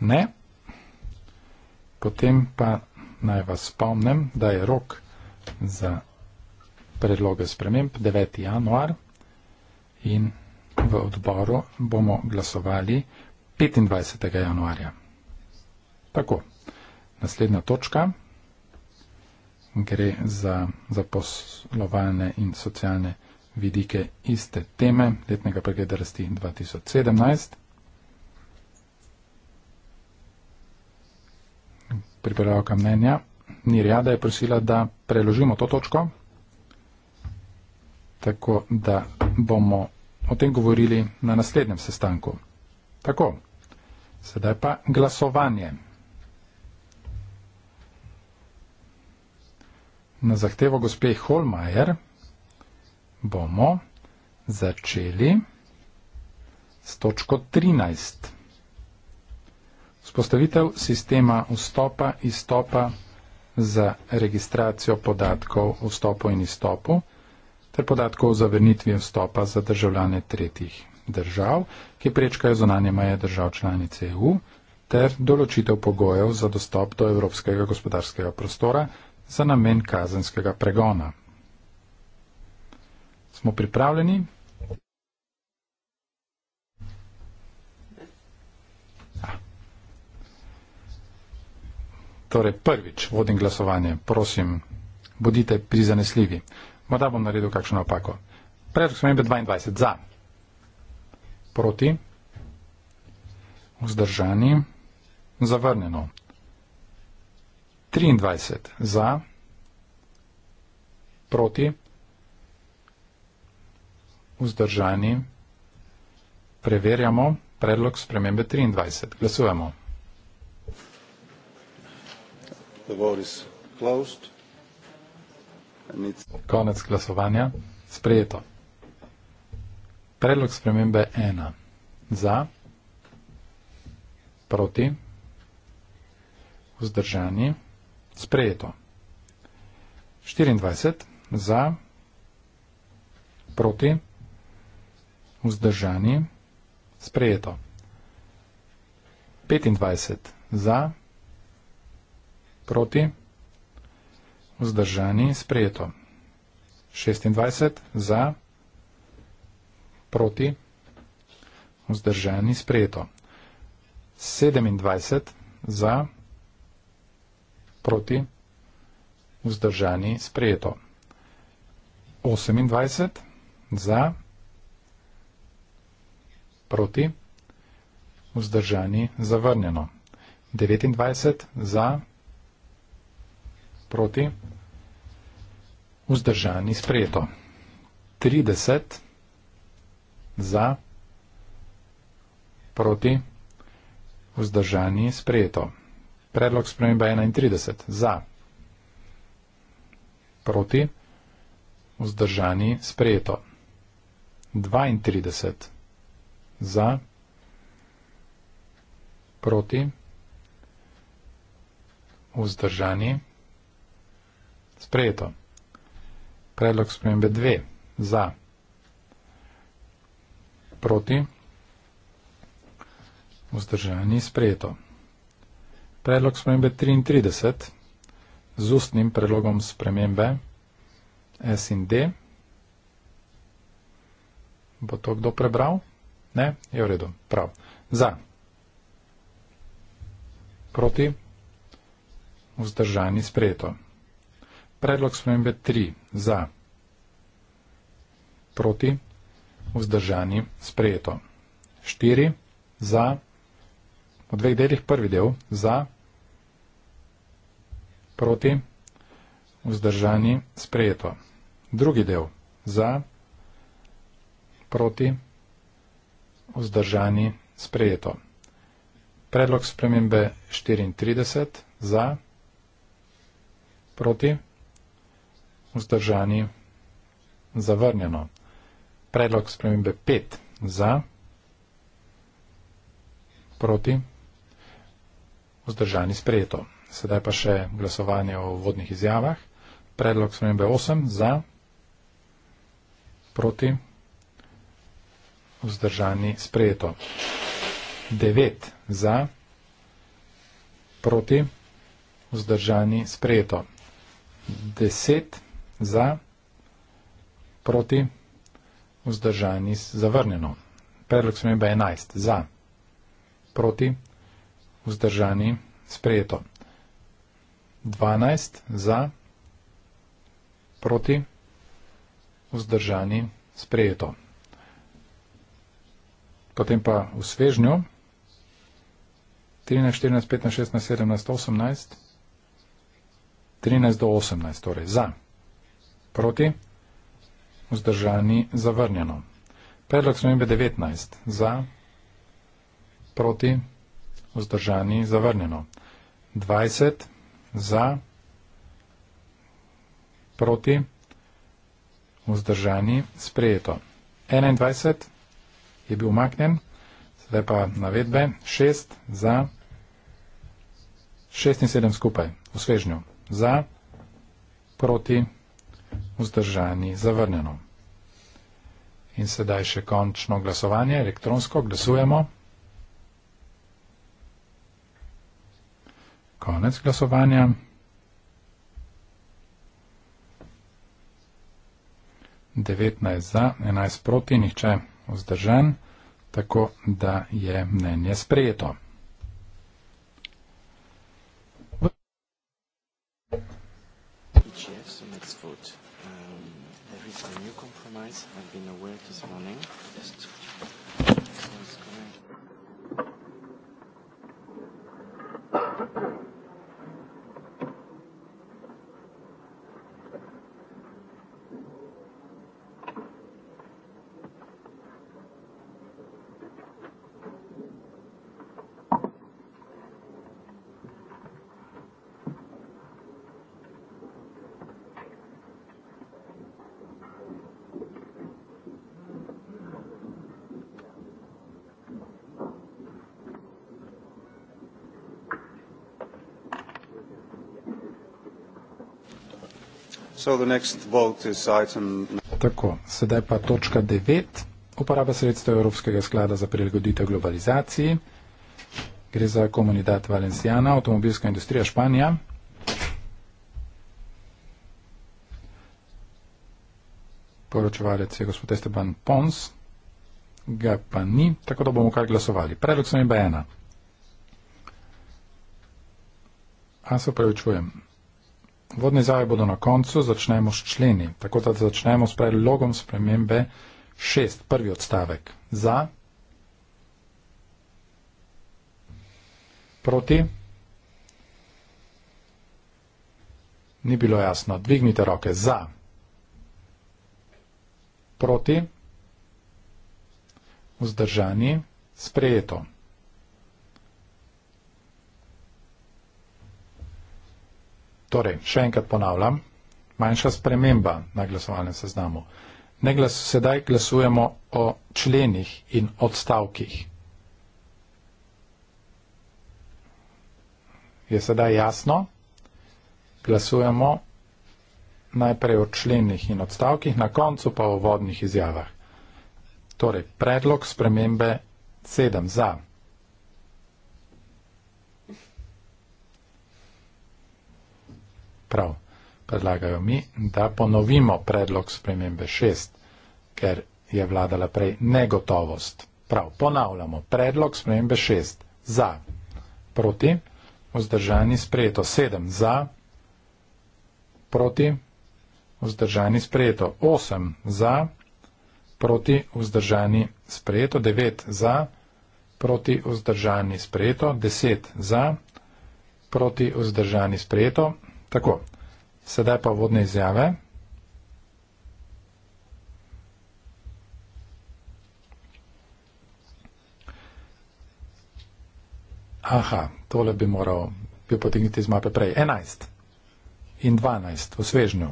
Speaker 1: Ne. Potem pa naj vas spomnim, da je rok za predloge sprememb 9. januar in v odboru bomo glasovali 25. januarja. Tako, naslednja točka gre za zaposlovalne in socialne vidike iste teme letnega pregleda rasti 2017. Pripravljavka mnenja Nirjada je prosila, da preložimo to točko, tako da bomo o tem govorili na naslednjem sestanku. Tako, sedaj pa glasovanje. Na zahtevo gospe Holmajer bomo začeli s točko 13. Spostavitev sistema vstopa in izstopa za registracijo podatkov o vstopu in izstopu ter podatkov o zavrnitvi vstopa za državljane tretjih držav, ki prečkajo zunanje meje držav članice EU ter določitev pogojev za dostop do Evropskega gospodarskega prostora za namen kazenskega pregona. Smo pripravljeni? Torej, prvič vodim glasovanje. Prosim, bodite prizanesljivi. Morda bom naredil kakšno napako. Predlog spremembe 22. Za. Proti. Vzdržani. Zavrnjeno. 23 za, proti, vzdržani, preverjamo predlog spremembe 23. Glasujemo. Konec glasovanja. Sprejeto. Predlog spremembe 1 za, proti, vzdržani, preverjamo sprejeto. 24 za, proti, vzdržani, sprejeto. 25 za, proti, vzdržani, sprejeto. 26 za, proti, vzdržani, sprejeto. 27 za, proti, vzdržani, sprejeto proti, vzdržani, sprejeto. 28 za, proti, vzdržani, zavrnjeno. 29 za, proti, vzdržani, sprejeto. 30 za, proti, vzdržani, sprejeto. Predlog spremembe 31. Za. Proti. Vzdržani. Sprejeto. 32. Za. Proti. Vzdržani. Sprejeto. Predlog spremembe 2. Za. Proti. Vzdržani. Sprejeto predlog spremembe 33 z ustnim predlogom spremembe S in D. Bo to kdo prebral? Ne? Je v redu. Prav. Za. Proti. Vzdržani sprejeto. Predlog spremembe 3. Za. Proti. Vzdržani sprejeto. 4. Za. V dveh delih prvi del. Za. Proti proti, vzdržani, sprejeto. Drugi del za, proti, vzdržani, sprejeto. Predlog spremembe 34 za, proti, vzdržani, zavrnjeno. Predlog spremembe 5 za, proti, vzdržani, sprejeto. Sedaj pa še glasovanje o vodnih izjavah. Predlog spremembe 8 za, proti, vzdržani sprejeto. 9 za, proti, vzdržani sprejeto. 10 za, proti, vzdržani zavrnjeno. Predlog spremembe 11 za, proti, vzdržani sprejeto. 12 za, proti, vzdržani, sprejeto. Potem pa v svežnju 13, 14, 15, 16, 17, 18, 13 do 18, torej za, proti, vzdržani, zavrnjeno. Predlog smembe 19 za, proti, vzdržani, zavrnjeno. 20 za, za, proti, vzdržani, sprejeto. 21 je bil umaknjen, zdaj pa navedbe 6 za, 6 in 7 skupaj, v svežnju, za, proti, vzdržani, zavrnjeno. In sedaj še končno glasovanje, elektronsko glasujemo. Okay. Konec glasovanja. Devetnajst za, enajst proti, nihče vzdržan, tako da je mnenje sprejeto. Tako, sedaj pa točka 9. Uporaba sredstev Evropskega sklada za prilagoditev globalizaciji. Gre za komunidad Valenciana, avtomobilska industrija Španija. Poročevalec je gospod Esteban Pons, ga pa ni, tako da bomo kar glasovali. Predlog sem imba ena. A se upravičujem. Vodne izjave bodo na koncu, začnemo s členi. Tako da začnemo s predlogom spremembe 6. Prvi odstavek. Za. Proti. Ni bilo jasno. Dvignite roke. Za. Proti. Vzdržani. Sprejeto. Torej, še enkrat ponavljam, manjša sprememba na glasovalnem seznamu. Ne glas, sedaj glasujemo o členih in odstavkih. Je sedaj jasno? Glasujemo najprej o členih in odstavkih, na koncu pa o vodnih izjavah. Torej, predlog spremembe 7 za. prav. Predlagajo mi, da ponovimo predlog spremembe 6, ker je vladala prej negotovost. Prav, ponavljamo. Predlog spremembe 6 za, proti, vzdržani sprejeto 7 za, proti, vzdržani sprejeto 8 za, proti, vzdržani sprejeto 9 za, proti, vzdržani sprejeto 10 za, proti, vzdržani sprejeto Tako, sedaj pa vodne izjave. Aha, tole bi moral bi potegniti iz mape prej. 11 in 12 v svežnju.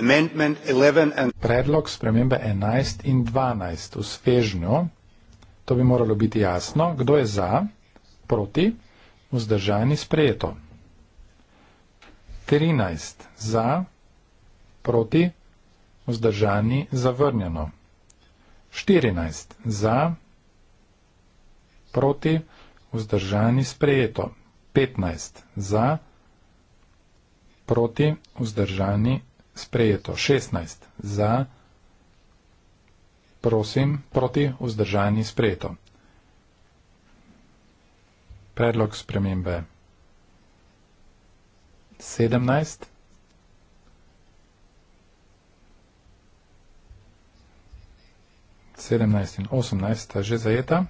Speaker 1: Predlog spremembe 11 in 12 v svežnju, to bi moralo biti jasno, kdo je za, proti, vzdržani sprejeto. 13 za, proti, vzdržani zavrnjeno. 14 za, proti, vzdržani sprejeto. 15 za, proti, vzdržani zavrnjeno sprejeto 16 za, prosim, proti vzdržani sprejeto. Predlog spremembe 17 17 in 18 sta že zajeta.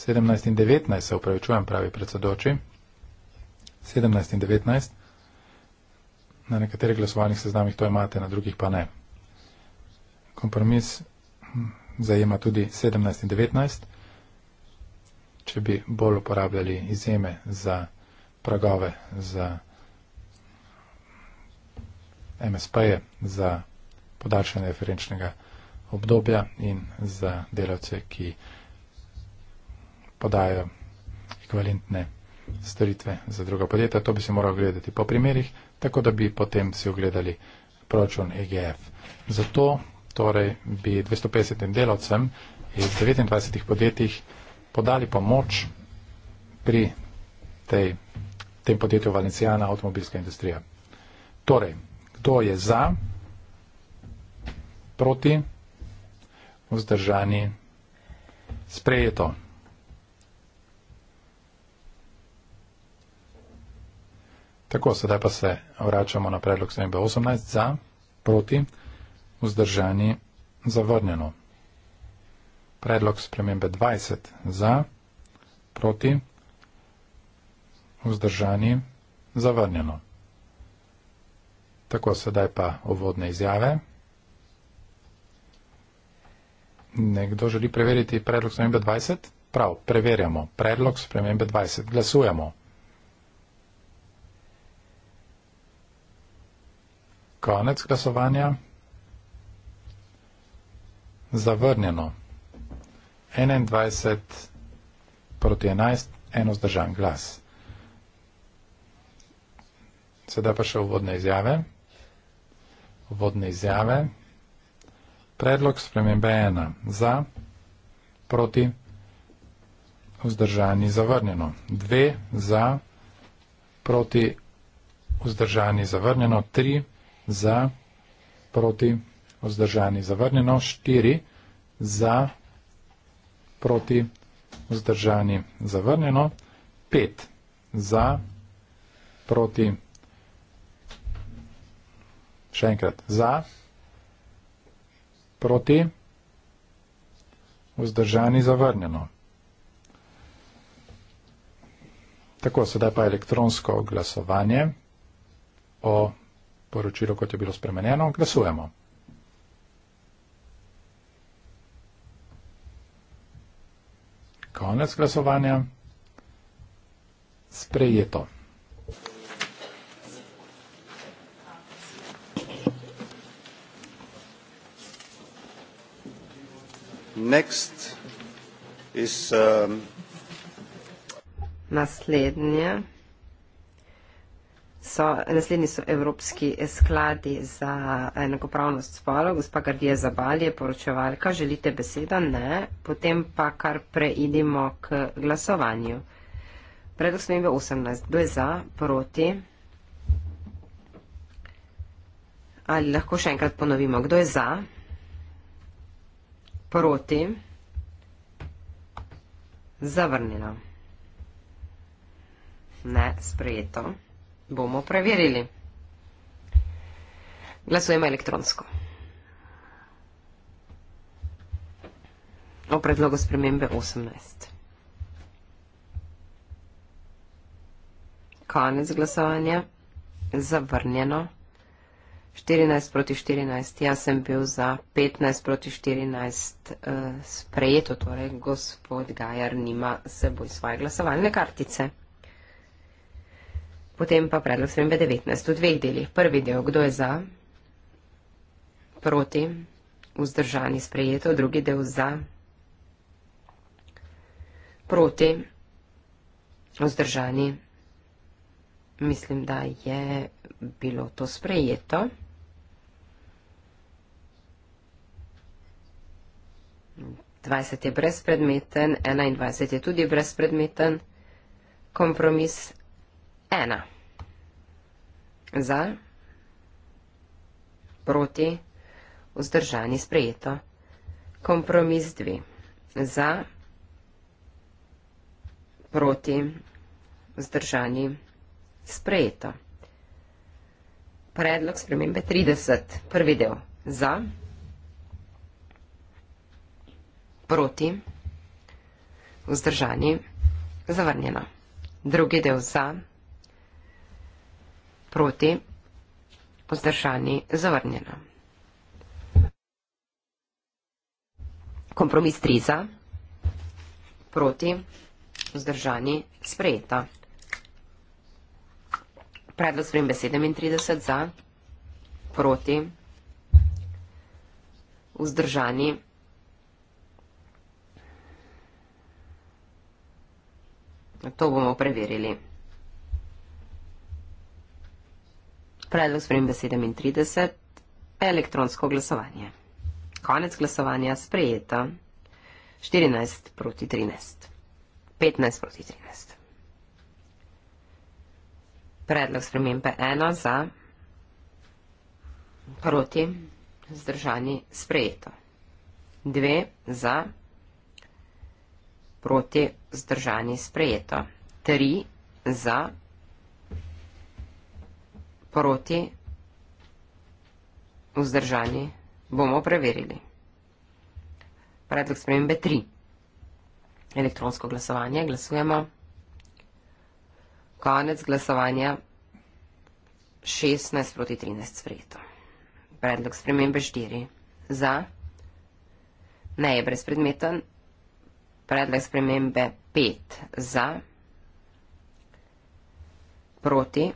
Speaker 1: 17 in 19 se upravičujem, pravi predsedoči. 17 in 19 na nekaterih glasovalnih seznamih to imate, na drugih pa ne. Kompromis hm, zajema tudi 17 in 19. Če bi bolj uporabljali izjeme za pragove, za MSP-je, za podaljšanje referenčnega obdobja in za delavce, ki podajo ekvalentne storitve za druga podjetja. To bi se moral gledati po primerih, tako da bi potem si ogledali proračun EGF. Zato torej bi 250 delavcem iz 29 podjetjih podali pomoč pri tej, tem podjetju Valencijana avtomobilska industrija. Torej, kdo je za, proti, vzdržani, sprejeto. Tako, sedaj pa se vračamo na predlog sprejembe 18 za, proti, vzdržani, zavrnjeno. Predlog spremembe 20 za, proti, vzdržani, zavrnjeno. Tako, sedaj pa uvodne izjave. Nekdo želi preveriti predlog spremembe 20? Prav, preverjamo. Predlog spremembe 20. Glasujemo. Konec glasovanja. Zavrnjeno. 21 proti 11, eno zdržan glas. Sedaj pa še uvodne izjave. Uvodne izjave. Predlog spremembe 1. Za, proti, vzdržani, zavrnjeno. 2. Za, proti, vzdržani, zavrnjeno. 3 za, proti, vzdržani, zavrnjeno, štiri za, proti, vzdržani, zavrnjeno, pet za, proti, še enkrat za, proti, vzdržani, zavrnjeno. Tako, sedaj pa elektronsko glasovanje o poročilo, kot je bilo spremenjeno, glasujemo. Konec glasovanja. Sprejeto.
Speaker 3: Next is um...
Speaker 2: naslednje so, naslednji so Evropski skladi za enakopravnost spolov. Gospa Gardija Zabal je poročevalka, želite beseda? Ne. Potem pa kar preidimo k glasovanju. Predlog smembe 18. Kdo je za, proti? Ali lahko še enkrat ponovimo, kdo je za, proti, zavrnjeno, ne sprejeto. Bomo preverili. Glasujemo elektronsko. O predlogu spremembe 18. Konec glasovanja. Zavrnjeno. 14 proti 14. Jaz sem bil za 15 proti 14 uh, eh, sprejeto. Torej, gospod Gajar nima seboj svoje glasovalne kartice. Potem pa predlog spremembe 19 v dveh delih. Prvi del, kdo je za, proti, vzdržani sprejeto, drugi del za, proti, vzdržani. Mislim, da je bilo to sprejeto. Dvajset je brezpredmeten, enaindvajset je tudi brezpredmeten kompromis, Ena. Za. Proti. Vzdržani sprejeto. Kompromis dve. Za. Proti. Vzdržani sprejeto. Predlog spremembe 30. Prvi del. Za. Proti. Vzdržani. Zavrnjeno. Drugi del. Za. Za proti, vzdržani, zavrnjeno. Kompromis triza, proti, vzdržani, sprejeta. Predlog spremembe 37 za, proti, vzdržani, to bomo preverili. Predlog spremembe 37 je elektronsko glasovanje. Konec glasovanja sprejeta 14 proti 13. 15 proti 13. Predlog spremembe 1 za proti zdržani sprejeto. 2 za proti zdržani sprejeto. 3 za proti proti vzdržani bomo preverili. Predlog spremembe 3. Elektronsko glasovanje. Glasujemo. Konec glasovanja 16 proti 13 sprejeto. Predlog spremembe 4. Za. Ne je brezpredmeten. Predlog spremembe 5. Za. Proti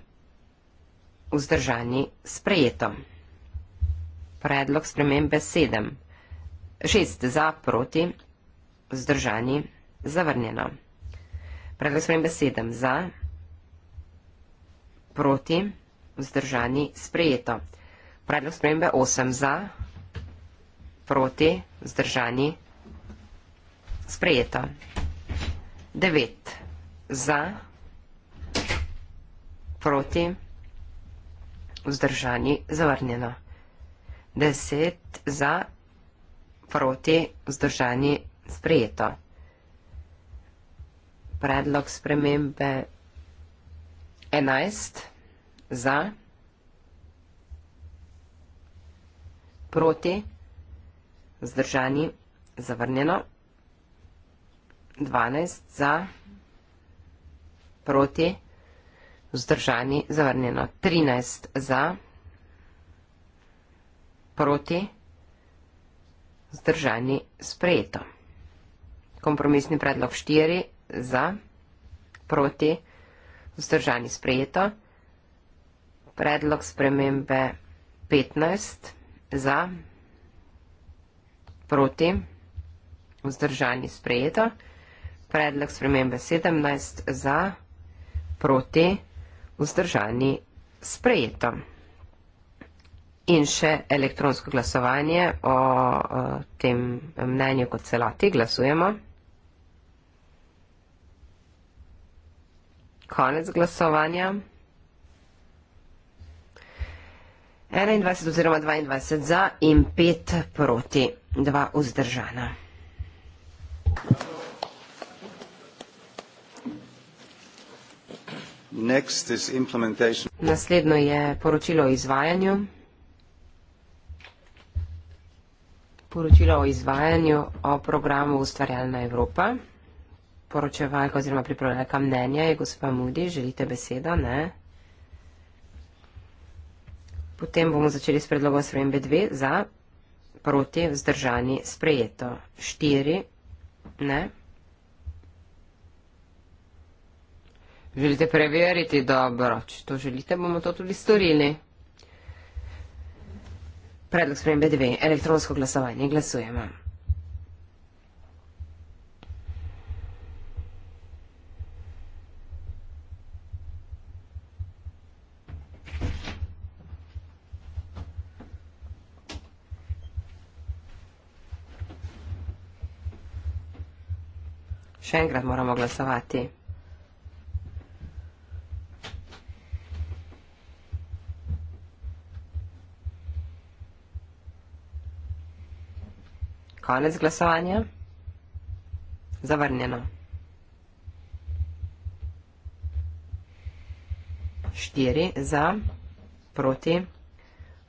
Speaker 2: vzdržani sprejeto. Predlog spremembe 7. 6 za proti, vzdržani zavrnjeno. Predlog spremembe 7 za proti, vzdržani sprejeto. Predlog spremembe 8 za proti, vzdržani sprejeto. 9 za proti, vzdržani sprejeto vzdržani zavrnjeno. 10 za, proti, vzdržani sprejeto. Predlog spremembe 11 za, proti, vzdržani zavrnjeno. 12 za, proti, vzdržani sprejeto vzdržani, zavrnjeno 13 za, proti, vzdržani, sprejeto. Kompromisni predlog 4 za, proti, vzdržani, sprejeto. Predlog spremembe 15 za, proti, vzdržani, sprejeto. Predlog spremembe 17 za, proti, vzdržani, sprejeto vzdržani sprejeto. In še elektronsko glasovanje o, o tem mnenju kot celoti. Glasujemo. Konec glasovanja. 21 oziroma 22 za in 5 proti, 2 vzdržana. Hvala. Naslednje je poročilo o izvajanju. Poročilo o izvajanju o programu Ustvarjalna Evropa. Poročevalka oziroma pripravljalka mnenja je gospa Mudi, želite besedo, ne? Potem bomo začeli s predlogom spremembe 2 za proti vzdržani sprejeto. 4, ne? Želite preveriti? Dobro, če to želite, bomo to tudi storili. Predlog spremembe 2. Elektronsko glasovanje. Glasujemo. Še enkrat moramo glasovati. Konec glasovanja. Zavrnjeno. 4 za, proti,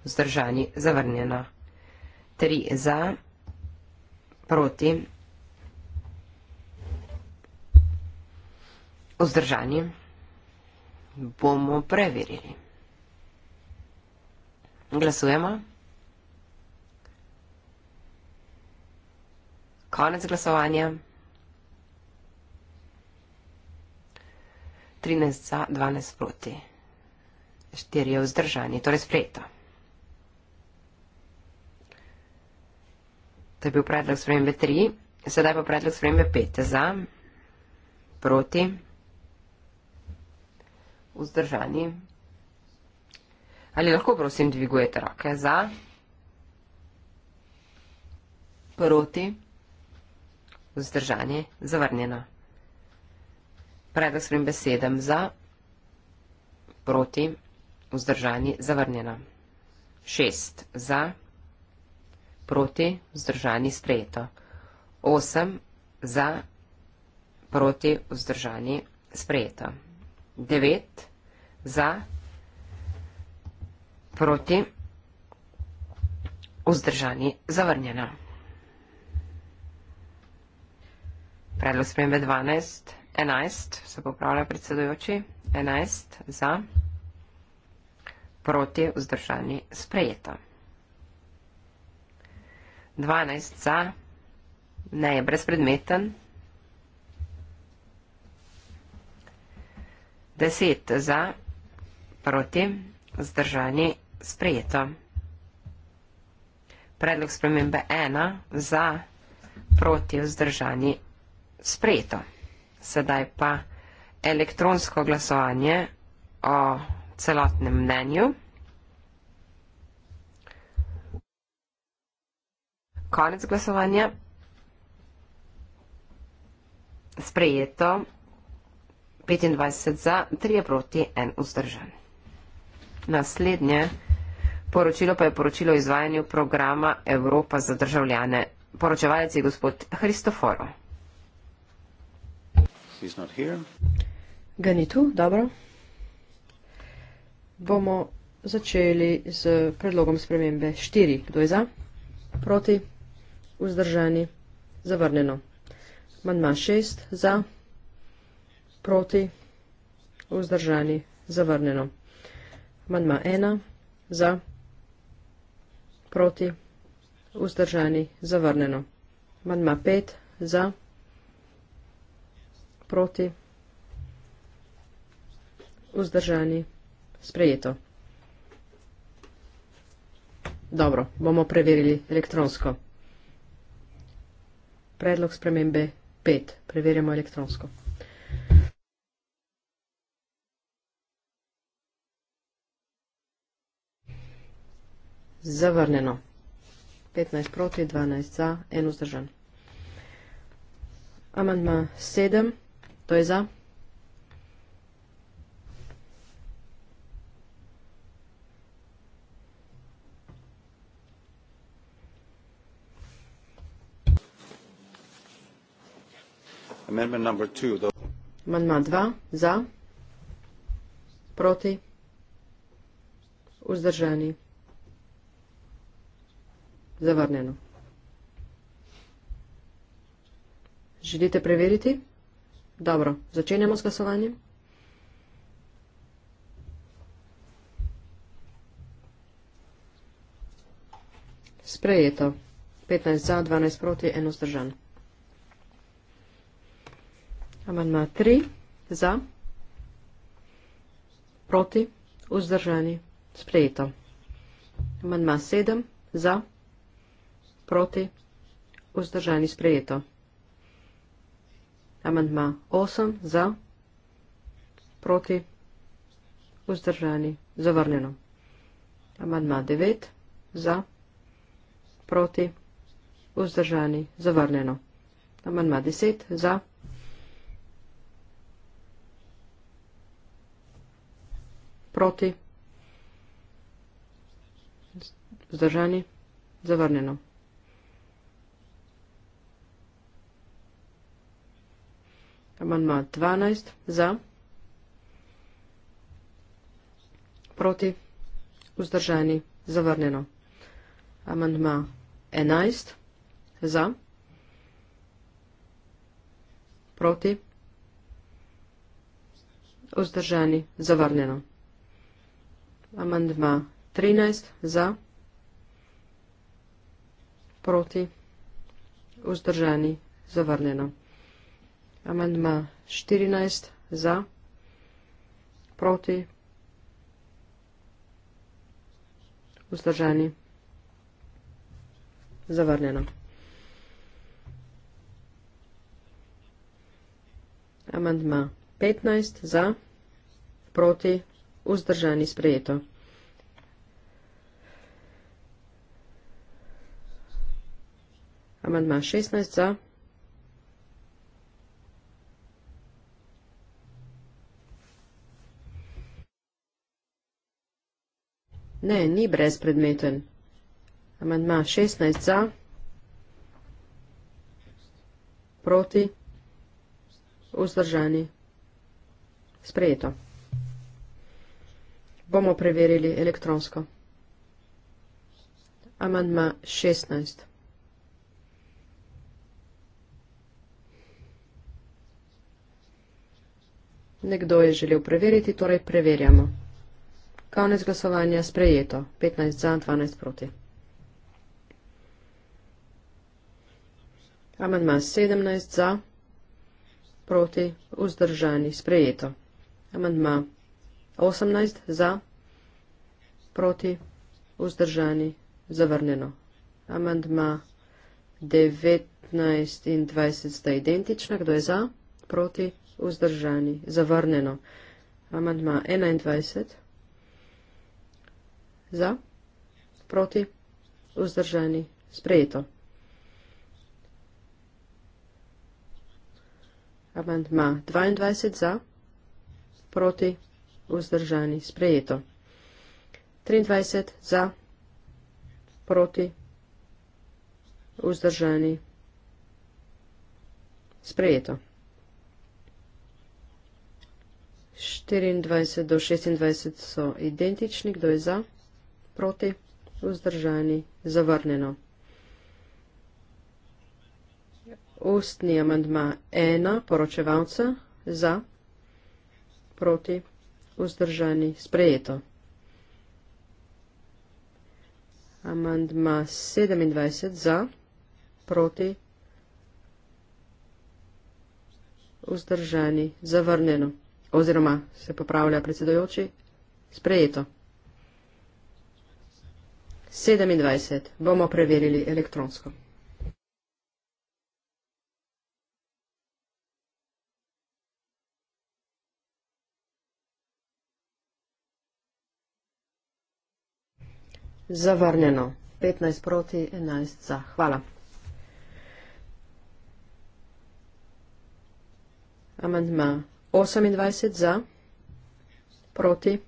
Speaker 2: vzdržani, zavrnjeno. 3 za, proti, vzdržani. Bomo preverili. Glasujemo. Konec glasovanja. 13 za, 12 proti. 4 je vzdržanje, torej sprejeto. To je bil predlog spremembe 3, sedaj pa predlog spremembe 5 za, proti, vzdržani. Ali lahko prosim dvigujete roke za, proti vzdržanje zavrnjeno. Predlog s besedem za, proti, vzdržanje zavrnjeno. Šest za, proti, vzdržanje sprejeto. Osem za, proti, vzdržanje sprejeto. Devet za, proti, vzdržanje zavrnjeno. Predlog spremembe 12, 11, se popravlja predsedujoči, 11 za, proti vzdržani sprejeta. 12 za, ne je brezpredmeten. 10 za, proti vzdržani sprejeta. Predlog spremembe 1 za, proti vzdržani sprejeta sprejeto. Sedaj pa elektronsko glasovanje o celotnem mnenju. Konec glasovanja. Sprejeto. 25 za, 3 proti, 1 vzdržan. Naslednje poročilo pa je poročilo o izvajanju programa Evropa za državljane. Poročevalec je gospod Hristoforov.
Speaker 5: Ga ni tu, dobro. Bomo začeli z predlogom spremembe. Štiri, kdo je za? Proti, vzdržani, zavrnjeno. Manjma šest, za, proti, vzdržani, zavrnjeno. Manjma ena, za, proti, vzdržani, zavrnjeno. Manjma pet, za, proti, vzdržani, zavrnjeno proti, vzdržani, sprejeto. Dobro, bomo preverili elektronsko. Predlog spremembe 5. Preverjamo elektronsko. Zavrnjeno. 15 proti, 12 za, 1 vzdržan. Amandma 7. To je za.
Speaker 1: Amendment number two.
Speaker 5: Amendment dva, za, proti, vzdržani, zavrnjeno. Želite preveriti? Želite preveriti? Dobro, začenjamo s glasovanjem. Sprejeto. 15 za, 12 proti, 1 vzdržan. Amandma 3 za, proti, vzdržani. Sprejeto. Amandma 7 za, proti, vzdržani. Sprejeto. Amandma 8 za, proti, vzdržani, zavrnjeno. Amandma 9 za, proti, vzdržani, zavrnjeno. Amandma 10 za, proti, vzdržani, zavrnjeno. Amandma 12 za, proti, vzdržani, zavrneno. Amandma 11 za, proti, vzdržani, zavrneno. Amandma 13 za, proti, vzdržani, zavrneno amandma 14 za, proti, vzdržani, zavrnjeno. Amandma 15 za, proti, vzdržani, sprejeto. Amandma 16 za, proti, vzdržani, sprejeto. Ne, ni brezpredmeten. Amandma 16 za, proti, vzdržani, sprejeto. Bomo preverili elektronsko. Amandma 16. Nekdo je želel preveriti, torej preverjamo. Konec glasovanja sprejeto. 15 za, 12 proti. Amandma 17 za, proti, vzdržani, sprejeto. Amandma 18 za, proti, vzdržani, zavrnjeno. Amandma 19 in 20 sta identična. Kdo je za, proti, vzdržani, zavrnjeno. Amandma 21 za, proti, vzdržani, sprejeto. Amandma 22 za, proti, vzdržani, sprejeto. 23 za, proti, vzdržani, sprejeto. 24 do 26 so identični, kdo je za proti, vzdržani, zavrnjeno. Ustni amandma ena poročevalca za, proti, vzdržani, sprejeto. Amandma 27 za, proti, vzdržani, zavrnjeno. Oziroma se popravlja predsedojoči, sprejeto. 27. Bomo preverili elektronsko. Zavrnjeno. 15 proti, 11 za. Hvala. Amandma 28 za, proti,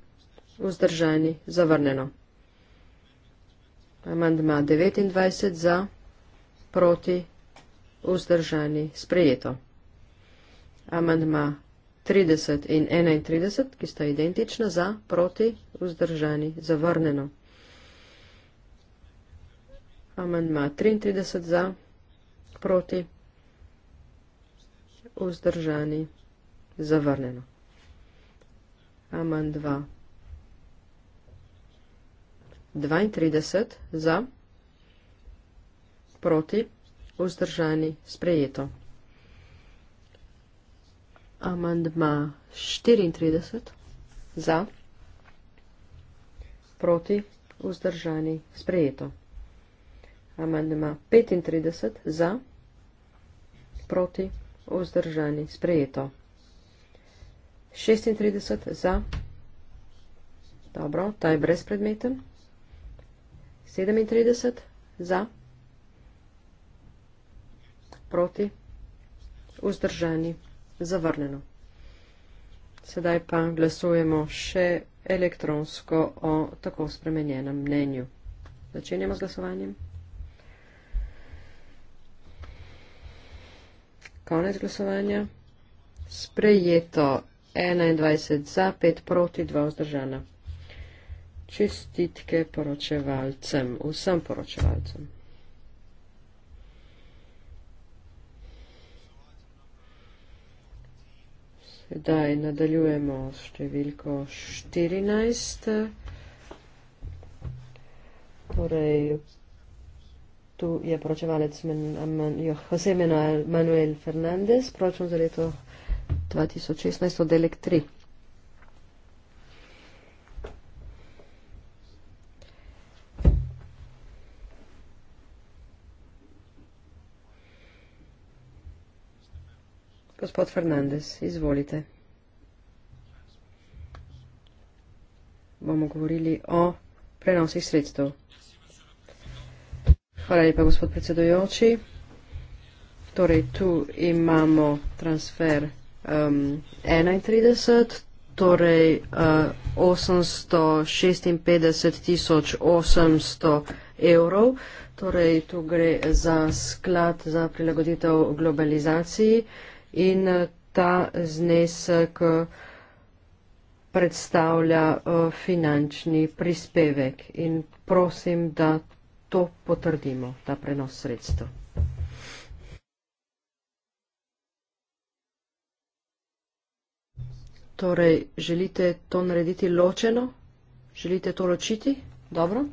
Speaker 5: vzdržajni, zavrnjeno. Amandma 29 za, proti, vzdržani, sprejeto. Amandma 30 in 31, ki sta identična, za, proti, vzdržani, zavrneno. Amandma 33 za, proti, vzdržani, zavrneno. Amandma 32 za, proti, vzdržani, sprejeto. Amandma 34 za, proti, vzdržani, sprejeto. Amandma 35 za, proti, vzdržani, sprejeto. 36 za, dobro, ta je brezpredmeten. 37 za, proti, vzdržani, zavrneno. Sedaj pa glasujemo še elektronsko o tako spremenjenem mnenju. Začenjamo z glasovanjem. Konec glasovanja. Sprejeto 21 za, 5 proti, 2 vzdržana čestitke poročevalcem, vsem poročevalcem. Sedaj nadaljujemo s številko 14. Torej, tu je poročevalec Jose Manuel Fernandez, proračun za leto 2016, oddelek 3. Gospod Fernandez, izvolite. Bomo govorili o prenosih sredstev. Hvala lepa, gospod predsedojoči. Torej, tu imamo transfer um, 31, torej uh, 856 tisoč 800 evrov. Torej, tu gre za sklad za prilagoditev globalizaciji. Uh, in eh, ta znesek eh, predstavlja eh, finančni prispevek. In prosim, da to potrdimo, ta prenos sredstv. Torej, želite to narediti ločeno? Želite to ločiti? Dobro.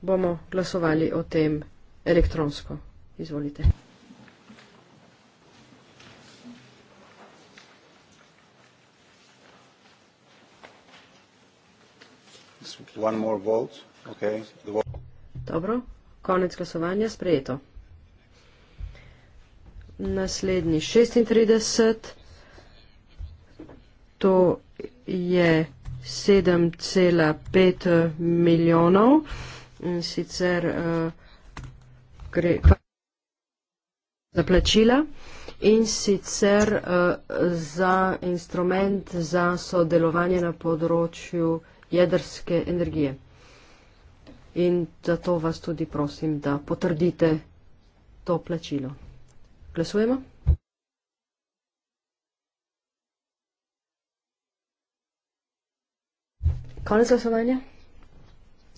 Speaker 5: Bomo glasovali o tem elektronsko. Izvolite. Okay. Dobro, konec glasovanja sprejeto. Naslednji 36, to je 7,5 milijonov in sicer uh, gre za plačila in sicer uh, za instrument za sodelovanje na področju jedrske energije. In zato vas tudi prosim, da potrdite to plačilo. Glasujemo. Konec glasovanja.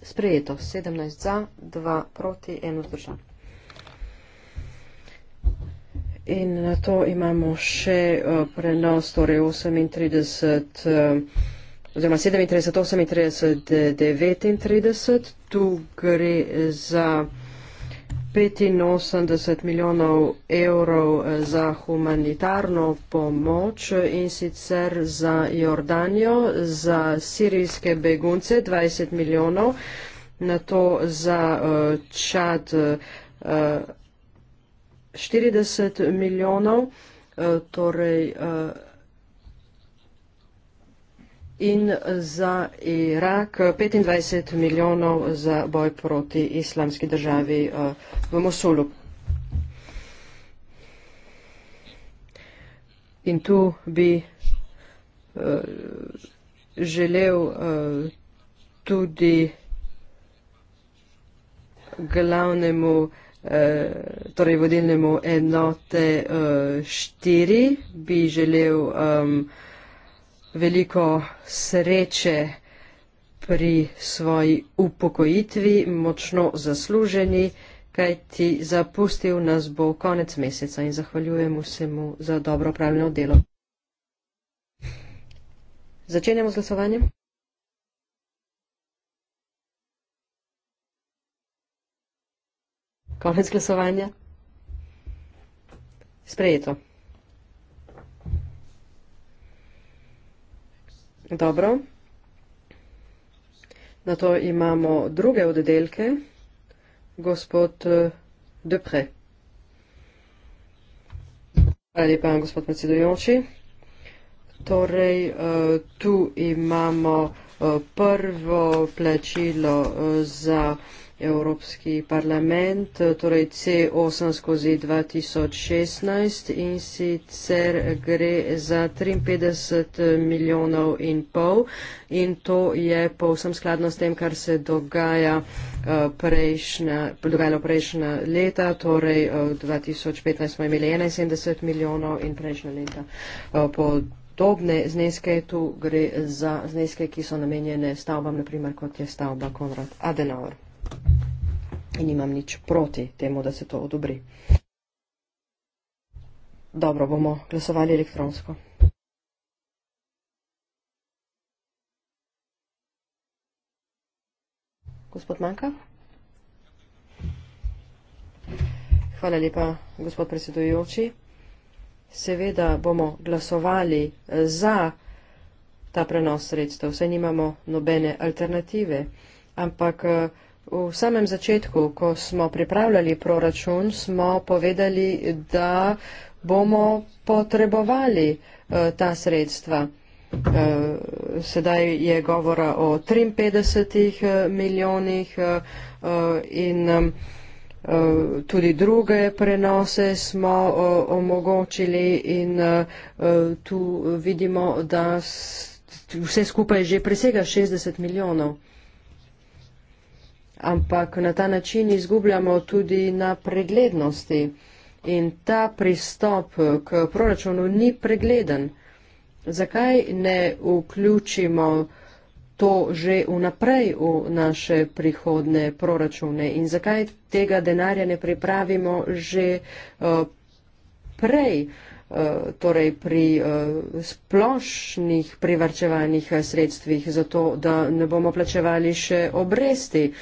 Speaker 5: Sprejeto. 17 za, 2 proti, 1 vzdržan. In na to imamo še uh, prenos, torej 38. Uh, eh, oziroma 37, 38, 39, tu gre za 85 milijonov evrov za humanitarno pomoč in sicer za Jordanijo, za sirijske begunce 20 milijonov, na to za uh, Čad uh, eh, 40 milijonov, uh, torej uh, in za Irak 25 milijonov za boj proti islamski državi eh, v Mosulu. In tu bi eh, želel eh, tudi glavnemu, torej vodilnemu enote 4, bi želel um, veliko sreče pri svoji upokojitvi, močno zasluženi, kaj ti zapustil nas bo konec meseca in zahvaljujemo se mu za dobro opravljeno delo. Začenjamo z glasovanjem. Konec glasovanja. Sprejeto. Dobro. Na to imamo druge oddelke. Gospod eh, Depre. Hvala lepa, gospod predsedujoči. Torej, eh, tu imamo eh, prvo plačilo za Evropski parlament, torej C8 skozi 2016 in sicer gre za 53 milijonov in pol in to je povsem skladno s tem, kar se dogaja eh, prejšnja, dogajalo prejšnja leta, torej 2015 eh, smo imeli 71 milijonov in prejšnja leta eh, po Dobne zneske tu gre za zneske, ki so namenjene stavbam, naprimer kot je stavba Konrad Adenauer in nimam nič proti temu, da se to odobri. Dobro, bomo glasovali elektronsko. Gospod Manka? Hvala lepa, gospod predsedujoči. Seveda bomo glasovali eh, za ta prenos sredstev, vse nimamo nobene alternative, ampak eh, V samem začetku, ko smo pripravljali proračun, smo povedali, da bomo potrebovali eh, ta sredstva. Eh, sedaj je govora o 53 eh, milijonih in tudi druge prenose smo omogočili in tu vidimo, da vse skupaj že presega 60 milijonov ampak na ta način izgubljamo tudi na preglednosti. In ta pristop k proračunu ni pregleden. Zakaj ne vključimo to že vnaprej v naše prihodne proračune in zakaj tega denarja ne pripravimo že uh, prej, uh, torej pri uh, splošnih privrčevanjih sredstvih, zato da ne bomo plačevali še obresti. Uh,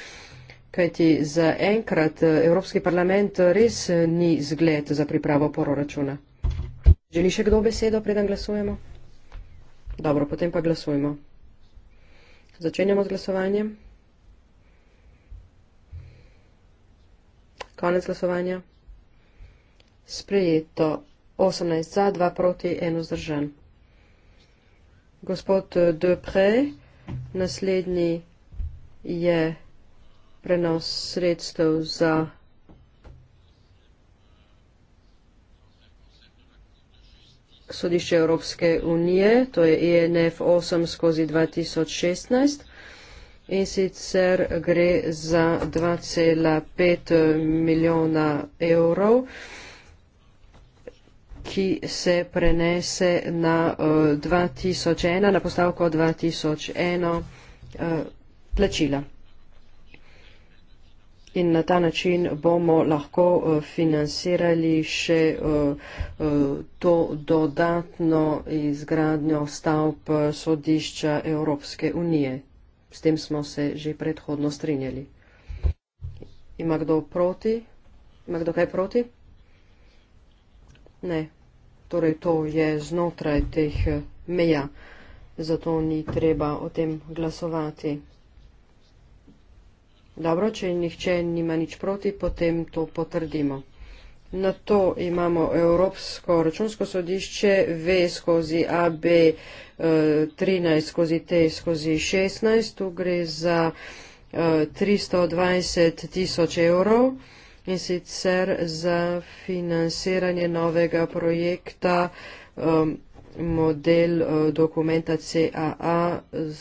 Speaker 5: Kajti za enkrat eh, Evropski parlament eh, res eh, ni zgled za pripravo proračuna. Želi še kdo besedo, preden glasujemo? Dobro, potem pa glasujemo. Začenjamo z glasovanjem. Konec glasovanja. Sprejeto. 18 za, 2 proti, 1 zdržan. Gospod Depre, naslednji je prenos sredstev za sodišče Evropske unije, to je INF e 8 skozi 2016 in sicer gre za 2,5 eh, milijona evrov, ki se prenese na uh, eh, 2001, na postavko 2001 uh, eh, plačila in na ta način bomo lahko eh, financirali še eh, eh, to dodatno izgradnjo stavb sodišča Evropske unije. S tem smo se že predhodno strinjali. Ima kdo proti? Ima kdo kaj proti? Ne. Torej, to je znotraj teh meja, zato ni treba o tem glasovati. Dobro, če nihče nima nič proti, potem to potrdimo. Na to imamo Evropsko računsko sodišče V skozi AB 13 eh, skozi T skozi 16. Tu gre za 320 eh, tisoč evrov in sicer za financiranje novega projekta eh, model dokumenta CAA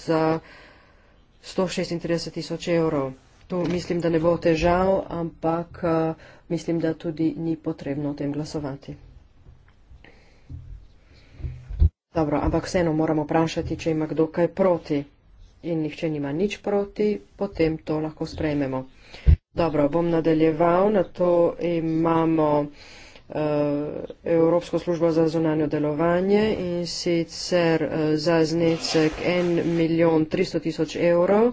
Speaker 5: za 136 tisoč evrov. Tu mislim, da ne bo težav, ampak eh, mislim, da tudi ni potrebno o tem glasovati. Dobro, ampak vseeno moramo vprašati, če ima kdo kaj proti in nihče nima nič proti, potem to lahko sprejmemo. Dobro, bom nadaljeval, na to imamo uh, Evropsko službo za zunanjo delovanje in sicer uh, za znecek 1 milijon 300 tisoč evrov.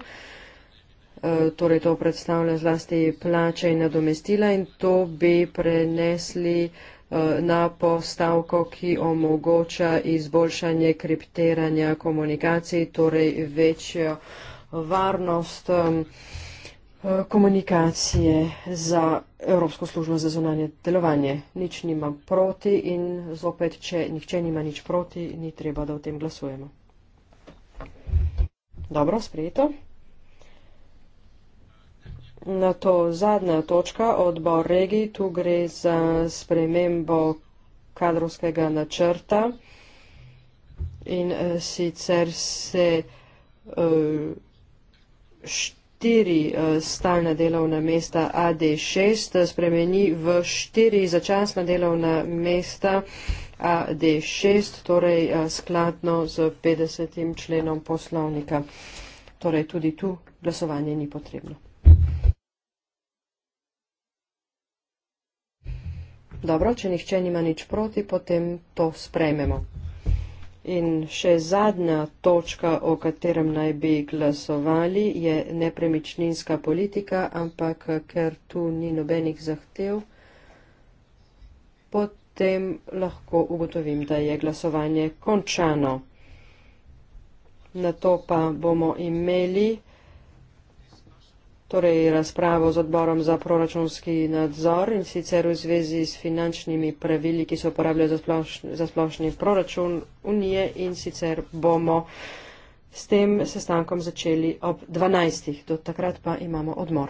Speaker 5: Eh, torej to predstavlja zlasti plače in nadomestila in to bi prenesli eh, na postavko, ki omogoča izboljšanje kripteranja komunikacij, torej večjo varnost eh, komunikacije za Evropsko službo za zunanje delovanje. Nič nimam proti in zopet, če nihče nima nič proti, ni treba, da o tem glasujemo. Dobro, sprejeto. Na to zadnja točka odbor regij, tu gre za spremembo kadrovskega načrta in eh, sicer se eh, štiri eh, stalna delovna mesta AD6 spremeni v štiri začasna delovna mesta AD6, torej skladno z 50. členom poslovnika. Torej tudi tu glasovanje ni potrebno. Dobro, če nihče nima nič proti, potem to sprejmemo. In še zadnja točka, o katerem naj bi glasovali, je nepremičninska politika, ampak ker tu ni nobenih zahtev, potem lahko ugotovim, da je glasovanje končano. Na to pa bomo imeli torej razpravo z odborom za proračunski nadzor in sicer v zvezi s finančnimi pravili, ki se uporabljajo za, sploš, za splošni proračun unije in sicer bomo s tem sestankom začeli ob 12. Do takrat pa imamo odmor.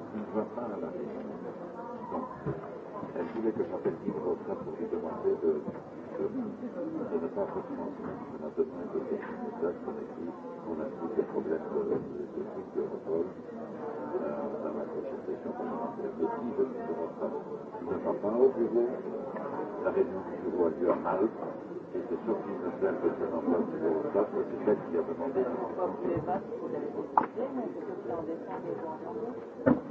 Speaker 3: Vincent à la réunion. Donc, elle voulait que j'appelle Nicole Cap pour lui demander de, de, de ne pas recommencer la demande de l'équipe de son équipe. On a tous des problèmes de l'équipe de, de, de Repol. Euh, on a la concertation qu'on a fait. Mais si je suis de Repol, il ne va pas au bureau. La réunion du bureau a lieu à Malte. Et c'est sûr qu'il me plaît que c'est un peu le cas, parce que c'est elle qui a demandé. Vous avez pas pu les battre, vous avez décidé, mais c'est que c'est en décembre, les gens ont entendu.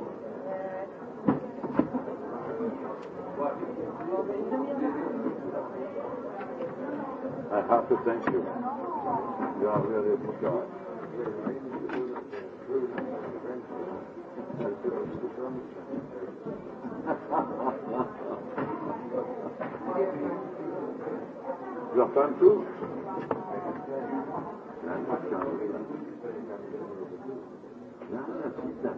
Speaker 3: I have to thank you. You are really a good guy. [laughs] you have fun too? Yeah, I see that.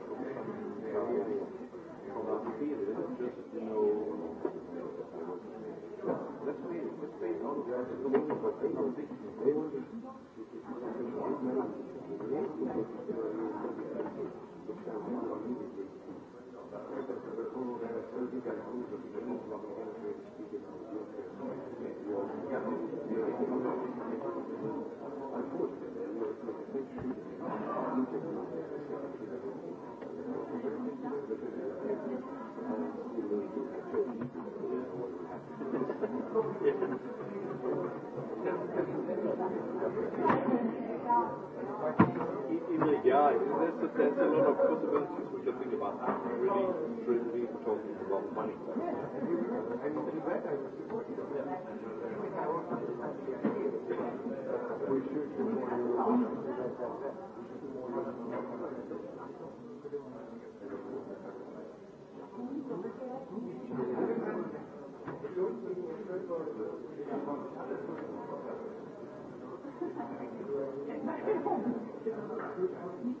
Speaker 3: feel it. It's just, you know, let's face it, let's face it, all the guys are coming but they don't think it's Thank you. sense of, of possibilities, which I think about that, and really, truly, we're talking about money. Thank you.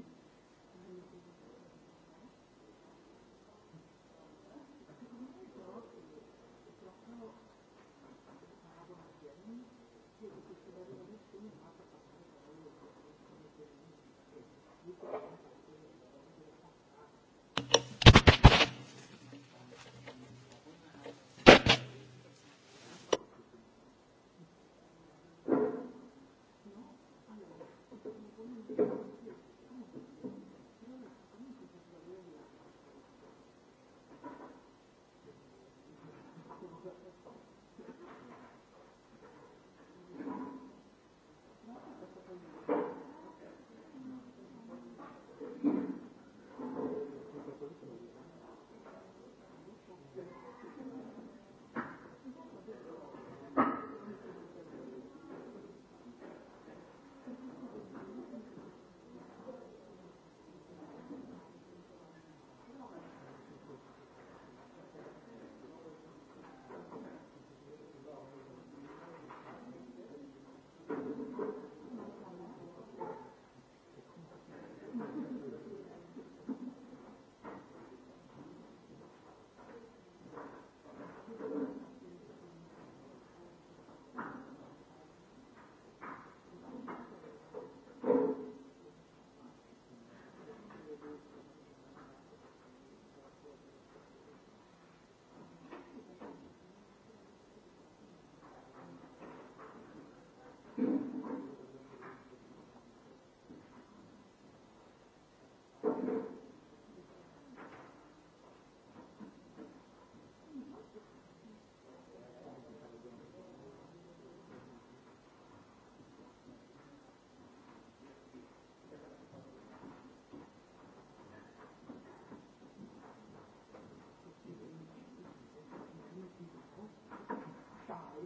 Speaker 3: Thank you.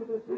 Speaker 3: Thank [laughs] you.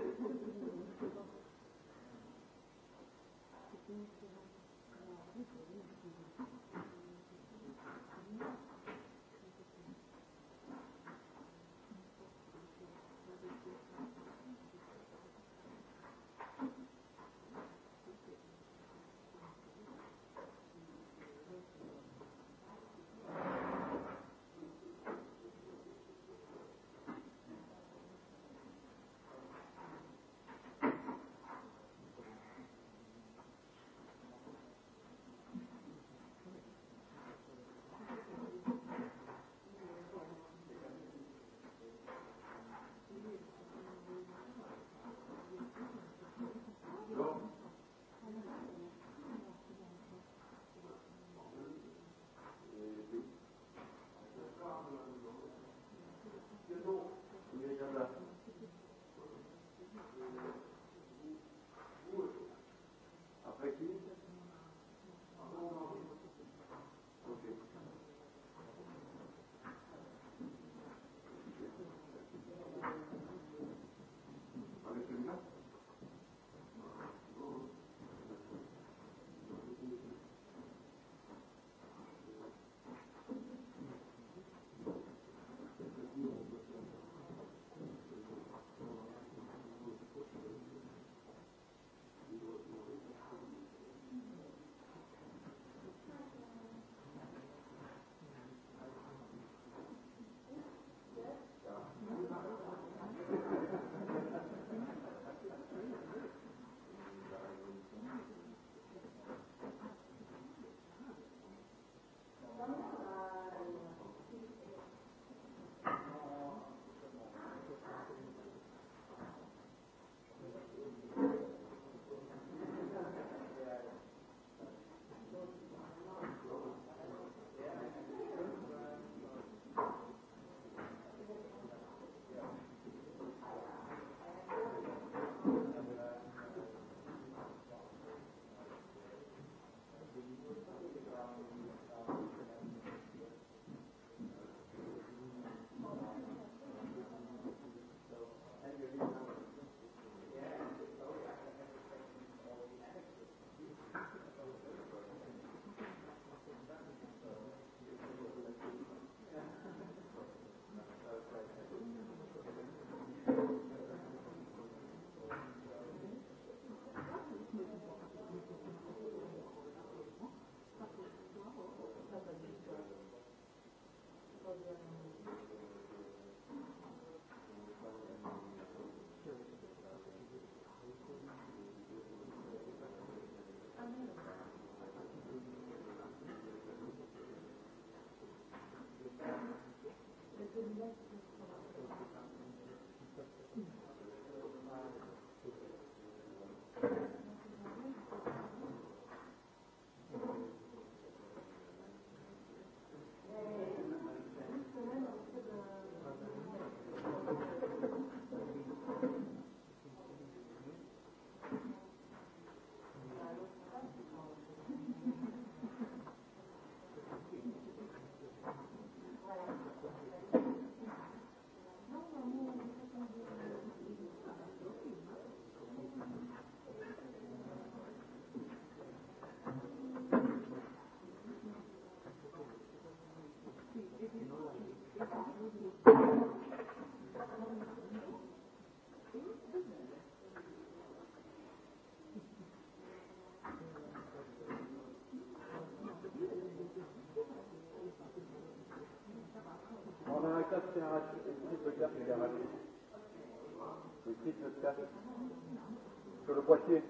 Speaker 3: sur le boîtier.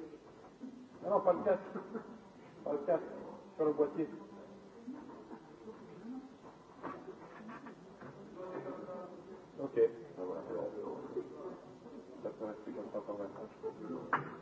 Speaker 3: Non, non, pas le casque. Pas le casque, sur le boîtier. Ok. Ça pourrait être comme ça pendant un temps.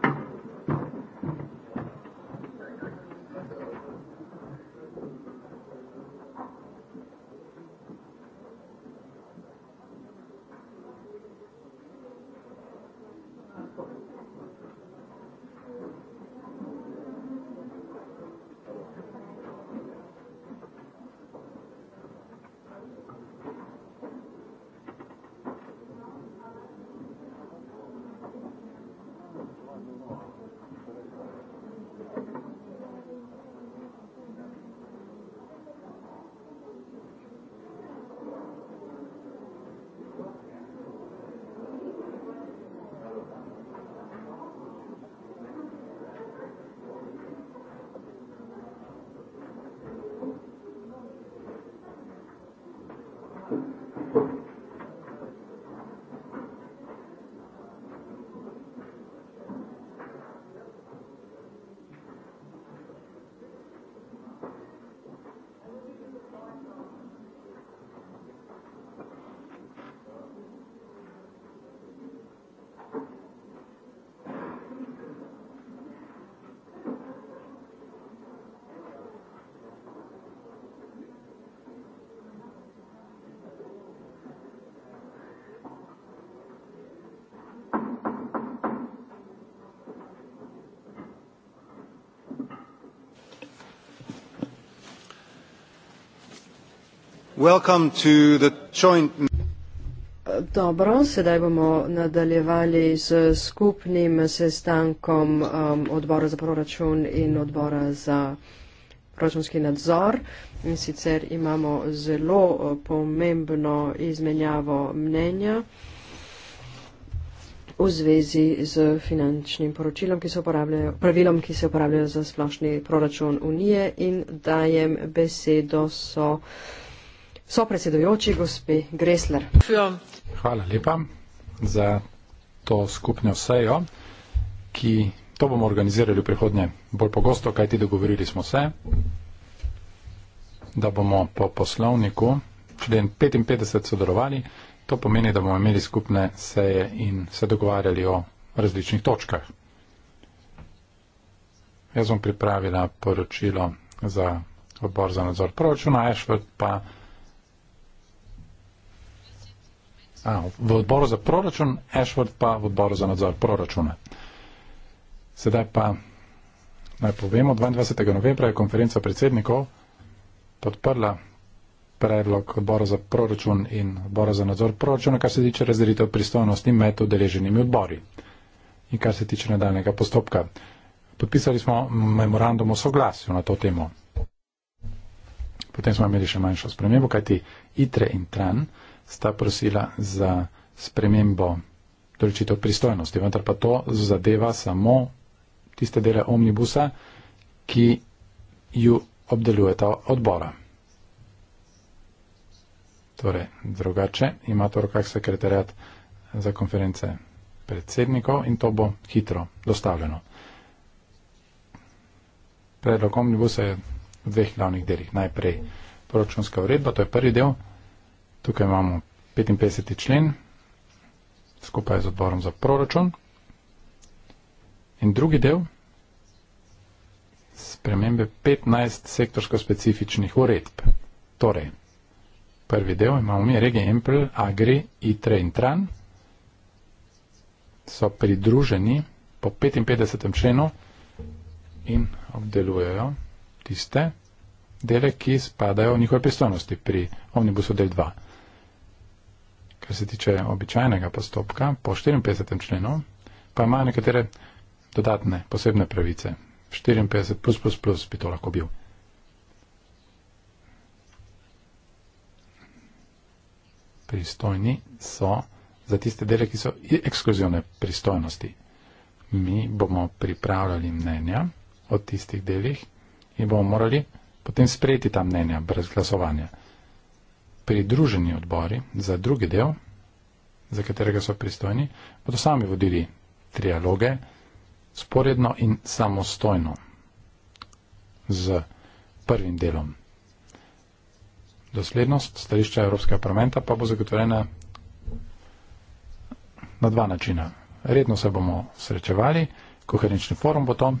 Speaker 5: Dobro, sedaj bomo nadaljevali z skupnim sestankom um, odbora za proračun in odbora za proračunski nadzor. In sicer imamo zelo uh, pomembno izmenjavo mnenja v zvezi z finančnim poročilom, ki se uporabljajo, pravilom, ki se uporabljajo za splošni proračun Unije in dajem besedo so. So predsedujoči, gospe Gresler.
Speaker 1: Hvala lepa za to skupno sejo, ki to bomo organizirali v prihodnje bolj pogosto, kajti dogovorili smo se, da bomo po poslovniku člen 55 sodelovali. To pomeni, da bomo imeli skupne seje in se dogovarjali o različnih točkah. Jaz bom pripravila poročilo za odbor za nadzor proračuna, Ešvet pa. A, v odboru za proračun, Ashford pa v odboru za nadzor proračuna. Sedaj pa naj povemo, 22. novembra je konferenca predsednikov podprla predlog odbora za proračun in odbora za nadzor proračuna, kar se tiče razdelitev pristojnosti med odeleženimi odbori in kar se tiče nadaljnega postopka. Podpisali smo memorandum o soglasju na to temo. Potem smo imeli še manjšo spremembo, kajti ITRE in TRAN sta prosila za spremembo določitev pristojnosti, vendar pa to zadeva samo tiste dele omnibusa, ki ju obdelujeta odbora. Torej, drugače ima to rokah sekretarjat za konference predsednikov in to bo hitro dostavljeno. Predlog omnibusa je v dveh glavnih delih. Najprej proračunska uredba, to je prvi del. Tukaj imamo 55. člen skupaj z odborom za proračun. In drugi del, spremembe 15 sektorsko specifičnih uredb. Torej, prvi del imamo mi Regi Empel, Agri, ITRE in TRAN, so pridruženi po 55. členu in obdelujejo tiste dele, ki spadajo v njihove pristojnosti pri Omnibusu del 2 kar se tiče običajnega postopka, po 54. členu, pa ima nekatere dodatne, posebne pravice. 54 plus plus plus bi to lahko bil. Pristojni so za tiste dele, ki so ekskluzivne pristojnosti. Mi bomo pripravljali mnenja o tistih delih in bomo morali potem sprejeti ta mnenja brez glasovanja pridruženi odbori za drugi del, za katerega so pristojni, bodo sami vodili trialoge sporedno in samostojno z prvim delom. Doslednost stališča Evropskega parlamenta pa bo zagotovljena na dva načina. Redno se bomo srečevali, koherenčni forum bo to,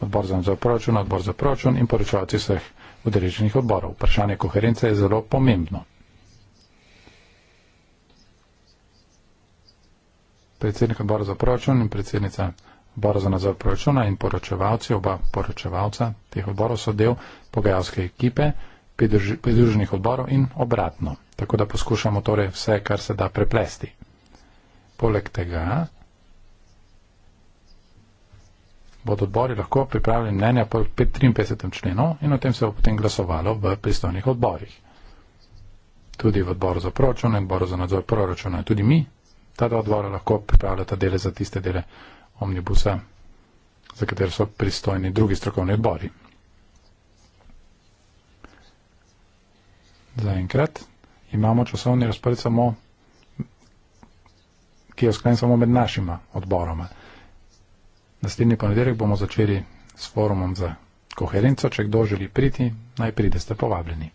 Speaker 1: odbor za nadzor proračuna, odbor za proračun in poročevalci vseh odreženih odborov. Vprašanje koherence je zelo pomembno. Predsednik odbora za proračun in predsednica odbora za nadzor proračuna in poročevalci, oba poročevalca teh odborov so del pogajalske ekipe pridruženih odborov in obratno. Tako da poskušamo torej vse, kar se da preplesti. Poleg tega bodo odbori lahko pripravili mnenja po 53. členu in o tem se bo potem glasovalo v pristojnih odborih. Tudi v odboru za proračun in odboru za nadzor proračuna. Tudi mi, ta dva odbora, lahko pripravljata dele za tiste dele omnibusa, za katero so pristojni drugi strokovni odbori. Zaenkrat imamo časovni razpored samo, ki je usklajen samo med našima odboroma. Naslednji ponedeljek bomo začeli s forumom za koherenco. Če kdo želi priti, naj pride, ste povabljeni.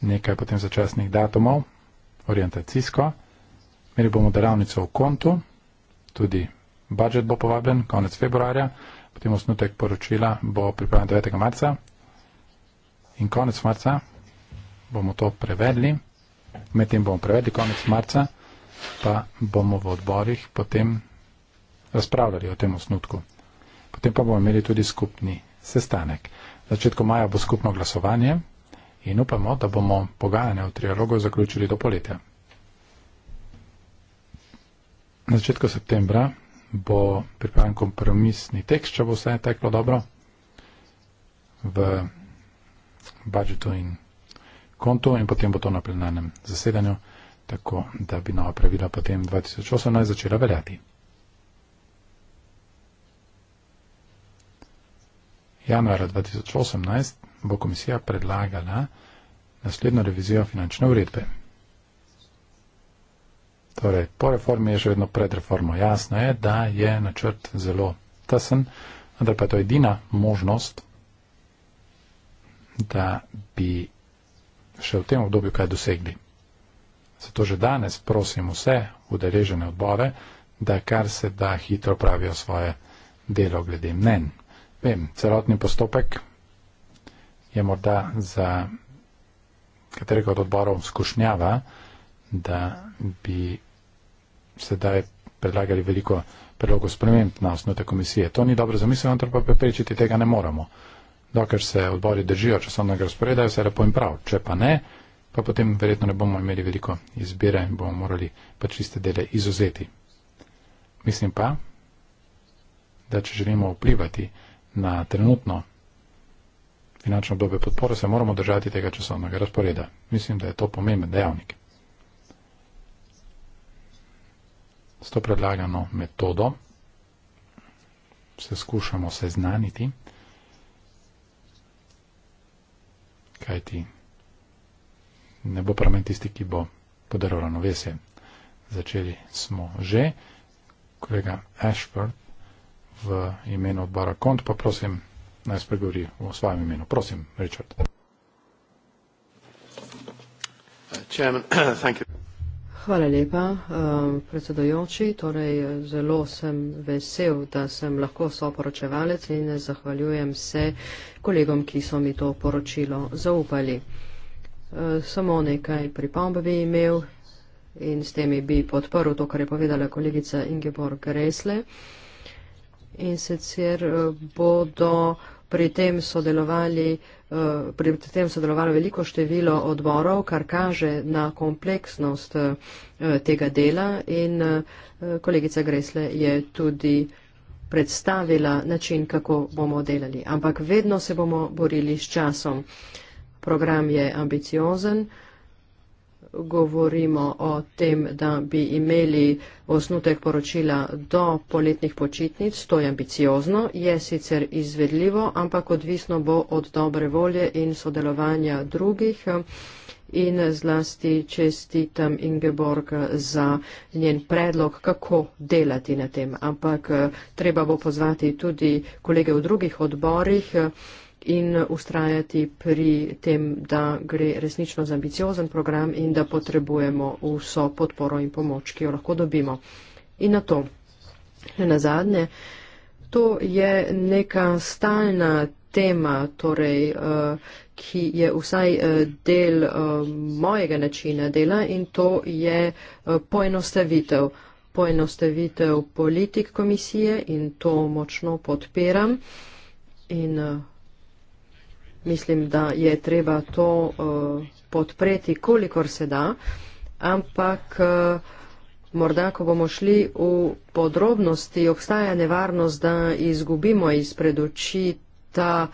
Speaker 1: Nekaj potem začasnih datumov, orientacijsko. Imeli bomo delavnico v kontu, tudi budžet bo povabljen konec februarja, potem osnutek poročila bo pripravljen 9. marca in konec marca bomo to prevedli. Medtem bomo prevedli konec marca, pa bomo v odborih potem razpravljali o tem osnutku. Potem pa bomo imeli tudi skupni sestanek. V začetku maja bo skupno glasovanje in upamo, da bomo pogajanje o trialogu zaključili do poletja. Na začetku septembra bo pripravljen kompromisni tekst, če bo vse teklo dobro v budžetu in kontu in potem bo to na plenarnem zasedanju, tako da bi nova pravila potem 2018 začela veljati. januara 2018 bo komisija predlagala naslednjo revizijo finančne uredbe. Torej, po reformi je še vedno pred reformo. Jasno je, da je načrt zelo tesen, vendar pa je to edina možnost, da bi še v tem obdobju kaj dosegli. Zato že danes prosim vse udeležene odbore, da kar se da hitro pravijo svoje delo glede mnen vem, celotni postopek je morda za katerega od odborov skušnjava, da bi sedaj predlagali veliko predlogo sprememb na osnote komisije. To ni dobro zamisel, vendar pa preprečiti tega ne moremo. Dokler se odbori držijo časovnega razporeda, vse lepo in prav. Če pa ne, pa potem verjetno ne bomo imeli veliko izbire in bomo morali pa čiste dele izuzeti. Mislim pa, da če želimo vplivati na trenutno finančno obdobje podpore, se moramo držati tega časovnega razporeda. Mislim, da je to pomemben dejavnik. S to predlagano metodo se skušamo seznaniti, kajti ne bo pramen tisti, ki bo podaril ravnovesje. Začeli smo že, kolega Ashford v imenu Bara Kont, pa prosim, naj spregovori v svojem imenu. Prosim, Richard.
Speaker 2: Uh, [coughs]
Speaker 5: Hvala lepa, uh, predsedojoči. Torej, zelo sem vesel, da sem lahko soporočevalec in zahvaljujem se kolegom, ki so mi to poročilo zaupali. Uh, samo nekaj pripomb bi imel in s temi bi podporil to, kar je povedala kolegica Ingeborg Resle in sicer eh, bodo pri tem sodelovali. Eh, pri tem sodelovalo veliko število odborov, kar kaže na kompleksnost eh, tega dela in kolegica Gresle je tudi predstavila način, kako bomo delali. Ampak vedno se bomo borili s časom. Program je ambiciozen govorimo o tem, da bi imeli osnutek poročila do poletnih počitnic, to je ambiciozno, je sicer izvedljivo, ampak odvisno bo od dobre volje in sodelovanja drugih in zlasti čestitam Ingeborg za njen predlog, kako delati na tem. Ampak eh, treba bo pozvati tudi kolege v drugih odborih in ustrajati pri tem, da gre resnično za ambiciozen program in da potrebujemo vso podporo in pomoč, ki jo lahko dobimo. In na to, na zadnje, to je neka stalna tema, torej, eh, ki je vsaj eh, del eh, mojega načina dela in to je poenostavitev. Poenostavitev politik komisije in to močno podpiram. In mislim, da je treba to eh, podpreti, kolikor se da, ampak eh, morda, ko bomo šli v podrobnosti, obstaja nevarnost, da izgubimo izpred oči ta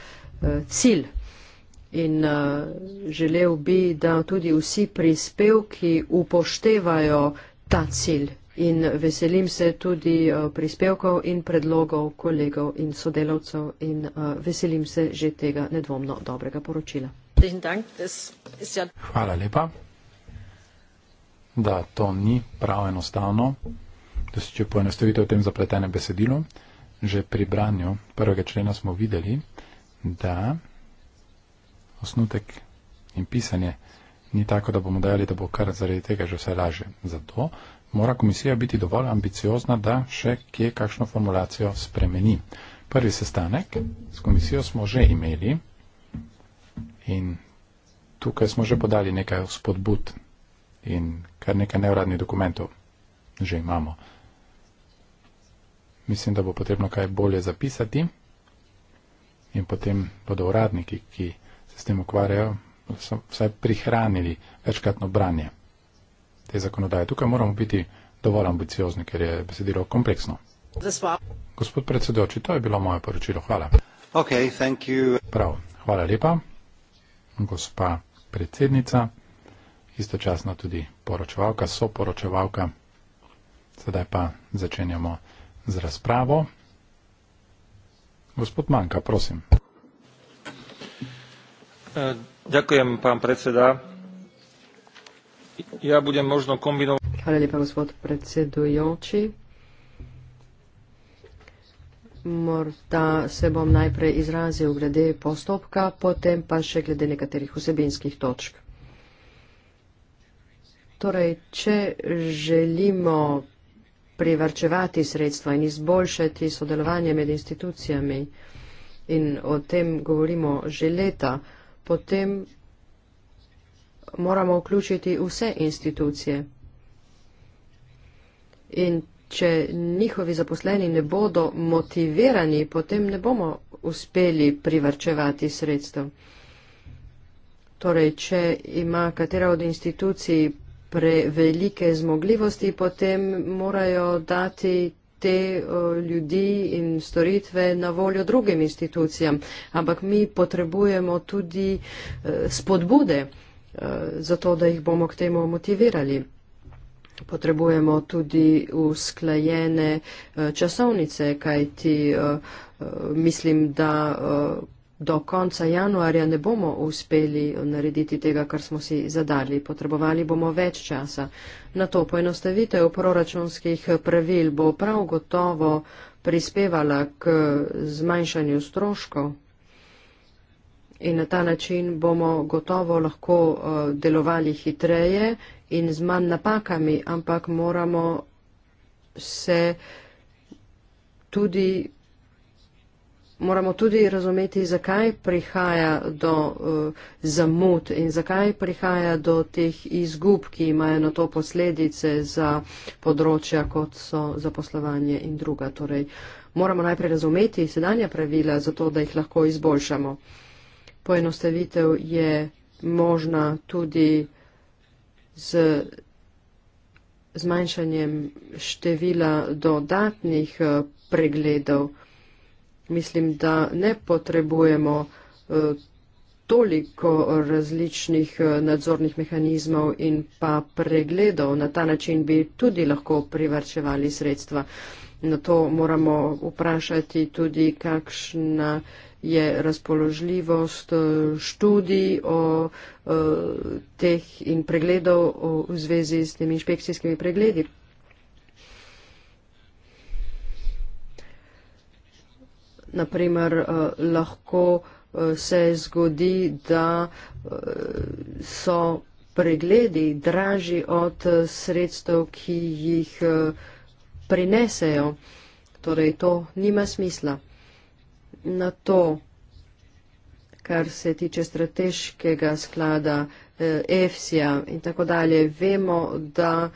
Speaker 5: eh, cilj. In želel bi, da tudi vsi prispevki upoštevajo ta cilj, in veselim se tudi eh, prispevkov in predlogov kolegov in sodelavcev in eh, veselim se že tega nedvomno dobrega poročila.
Speaker 1: Hvala lepa, da to ni prav enostavno, da se če poenostavite v tem zapletenem besedilu, že pri branju prvega člena smo videli, da osnutek in pisanje ni tako, da bomo dajali, da bo kar zaradi tega že vse laže. Zato mora komisija biti dovolj ambiciozna, da še kje kakšno formulacijo spremeni. Prvi sestanek s komisijo smo že imeli in tukaj smo že podali nekaj spodbud in kar nekaj neuradnih dokumentov že imamo. Mislim, da bo potrebno kaj bolje zapisati in potem bodo uradniki, ki se s tem ukvarjajo, vsaj prihranili večkratno branje te zakonodaje. Tukaj moramo biti dovolj ambiciozni, ker je besedilo kompleksno. Gospod predsedoči, to je bilo moje poročilo. Hvala. Okay, Prav, hvala lepa, gospa predsednica, istočasno tudi poročevalka, soporočevalka. Sedaj pa začenjamo z razpravo. Gospod
Speaker 5: Manka, prosim.
Speaker 1: Ďakujem, pán predseda. Ja budem možno kombinovať.
Speaker 5: Hvala lepa, gospod predsedujoči. Morda se bom najprej izrazil glede postopka, potem pa še glede nekaterih vsebinskih točk. Torej, če želimo privrčevati sredstva in izboljšati sodelovanje med institucijami in o tem govorimo že leta, potem moramo vključiti vse institucije. In če njihovi zaposleni ne bodo motivirani, potem ne bomo uspeli privrčevati sredstev. Torej, če ima katera od institucij prevelike zmogljivosti, potem morajo dati te o, ljudi in storitve na voljo drugim institucijam. Ampak mi potrebujemo tudi e, spodbude zato da jih bomo k temu motivirali. Potrebujemo tudi usklajene eh, časovnice, kajti eh, eh, mislim, da do konca januarja ne bomo uspeli narediti tega, kar smo si zadali. Potrebovali bomo več časa. Na to poenostavitev proračunskih pravil bo prav gotovo prispevala k zmanjšanju stroškov in na ta način bomo gotovo lahko eh, delovali hitreje in z manj napakami, ampak moramo se tudi. Moramo tudi razumeti, zakaj prihaja do uh, zamud in zakaj prihaja do teh izgub, ki imajo na to posledice za področja, kot so zaposlovanje in druga. Torej, moramo najprej razumeti sedanja pravila, zato da jih lahko izboljšamo poenostavitev je možna tudi z zmanjšanjem števila dodatnih eh, pregledov. Mislim, da ne potrebujemo eh, toliko različnih eh, nadzornih mehanizmov in pa pregledov. Na ta način bi tudi lahko privrčevali sredstva. Na to moramo vprašati tudi, kakšna je razpoložljivost eh, študij o eh, teh in pregledov v zvezi s temi inšpekcijskimi pregledi. Naprimer, eh, lahko se zgodi, da so pregledi dražji od sredstev, ki jih prinesejo. Torej, to nima smisla na to, kar se tiče strateškega sklada EFSI-ja eh, in tako dalje, vemo, da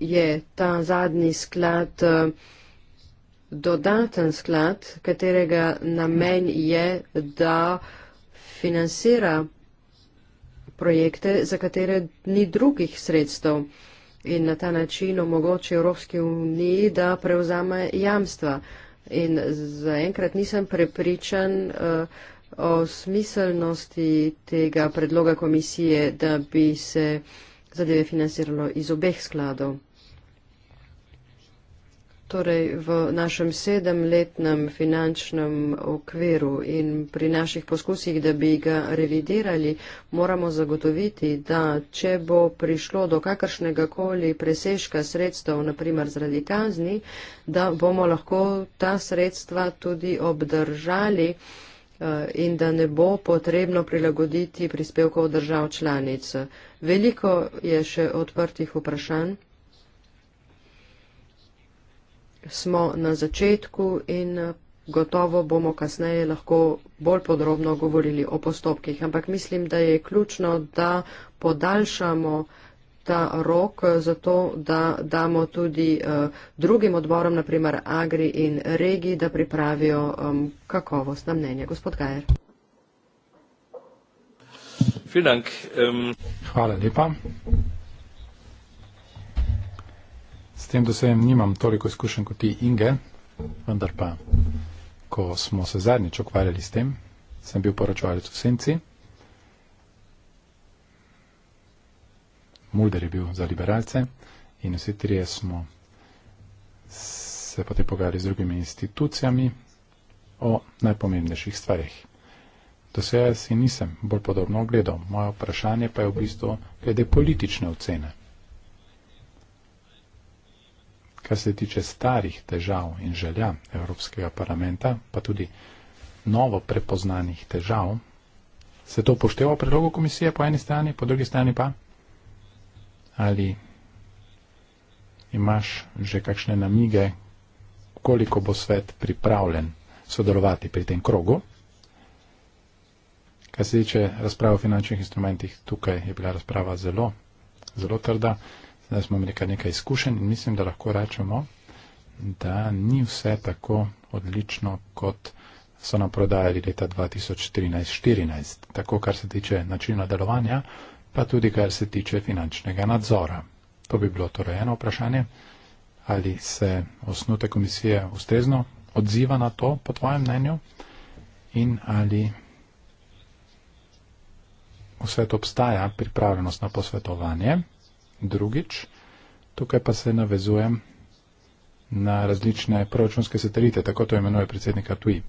Speaker 5: je ta zadnji sklad eh, dodaten sklad, katerega namen je, da financira projekte, za katere ni drugih sredstev in na ta način omogoči Evropski uniji, da prevzame jamstva. Uh, In zaenkrat nisem prepričan uh, o smiselnosti tega predloga komisije, da bi se zadeve financiralo iz obeh skladov. Torej, v našem sedemletnem finančnem okviru in pri naših poskusih, da bi ga revidirali, moramo zagotoviti, da če bo prišlo do kakršnega koli presežka sredstev, naprimer zradi kazni, da bomo lahko ta sredstva tudi obdržali eh, in da ne bo potrebno prilagoditi prispevkov držav članic. Veliko je še odprtih vprašanj smo na začetku in eh, gotovo bomo kasneje lahko bolj podrobno govorili o postopkih. Ampak mislim, da je ključno, da podaljšamo ta rok eh, zato, da damo tudi uh, drugim odborom, naprimer Agri in Regi, da pripravijo um, kakovostna mnenja. Gospod Gajer.
Speaker 3: Vielen Dank. Ähm.
Speaker 5: Hvala
Speaker 1: lepa tem dosejem nimam toliko izkušen kot ti, Inge, vendar pa, ko smo se zadnjič ukvarjali s tem, sem bil poročevalec v Senci. Mulder je bil za liberalce in vsi trije smo se potem pogajali z drugimi institucijami o najpomembnejših stvarih. Do sedaj si nisem bolj podobno ogledal. Moje vprašanje pa je v bistvu glede politične ocene. Kar se tiče starih težav in želja Evropskega parlamenta, pa tudi novo prepoznanih težav, se to upošteva v predlogu komisije po eni strani, po drugi strani pa ali imaš že kakšne namige, koliko bo svet pripravljen sodelovati pri tem krogu. Kar se tiče razprave o finančnih instrumentih, tukaj je bila razprava zelo, zelo trda da smo imeli kar nekaj izkušenj in mislim, da lahko rečemo, da ni vse tako odlično, kot so nam prodajali leta 2013-2014, tako kar se tiče načina delovanja, pa tudi kar se tiče finančnega nadzora. To bi bilo torej eno vprašanje, ali se osnute komisije ustrezno odziva na to, po tvojem mnenju, in ali vse to obstaja pripravljenost na posvetovanje drugič. Tukaj pa se navezujem na različne proračunske satelite, tako to imenuje predsednik Artui.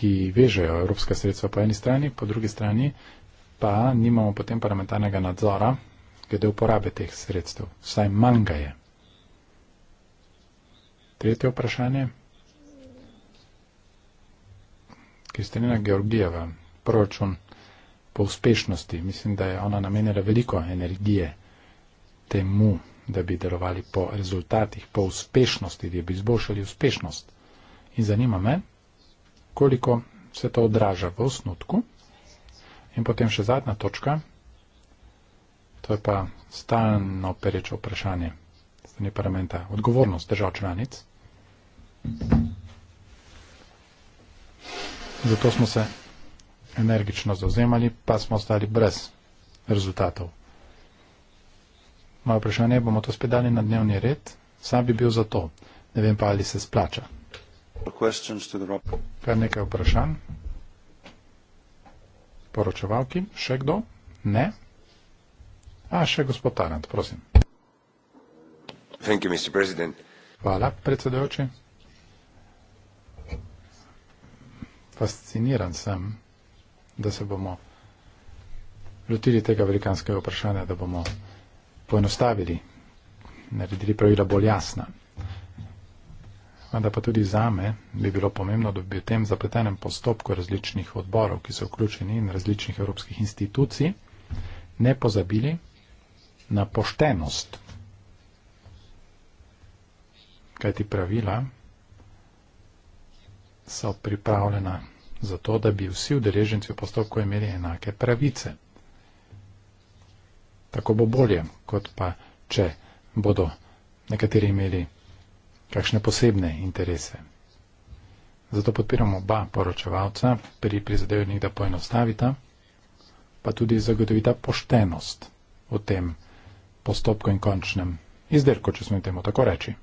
Speaker 1: ki vežejo evropska sredstva po eni strani, po drugi strani pa nimamo potem parlamentarnega nadzora glede uporabe teh sredstev. Vsaj manj ga je. Tretje vprašanje. Kristina Georgijeva, proračun po uspešnosti. Mislim, da je ona namenila veliko energije temu, da bi delovali po rezultatih, po uspešnosti, da bi izboljšali uspešnost. In zanima me, koliko se to odraža v osnutku. In potem še zadnja točka, to je pa stalno pereče vprašanje strani parlamenta, odgovornost držav članic. Zato smo se energično zauzemali, pa smo ostali brez rezultatov. Moje vprašanje je, bomo to spet dali na dnevni red? Sam bi bil za to. Ne vem pa, ali se splača. Kar nekaj vprašanj. Poročevalki, še kdo? Ne? A, še gospod Tarant, prosim.
Speaker 4: Thank you, Mr. President.
Speaker 1: Hvala, predsedujoči. Fasciniran sem da se bomo lotili tega velikanskega vprašanja, da bomo poenostavili, naredili pravila bolj jasna. Vendar pa tudi za me bi bilo pomembno, da bi v tem zapletenem postopku različnih odborov, ki so vključeni in različnih evropskih institucij, ne pozabili na poštenost. Kaj ti pravila so pripravljena zato da bi vsi udeleženci v postopku imeli enake pravice. Tako bo bolje, kot pa če bodo nekateri imeli kakšne posebne interese. Zato podpiramo oba poročevalca pri prizadevnih, da poenostavita, pa tudi zagotovita poštenost v tem postopku in končnem izdelku, če smo temu tako reči.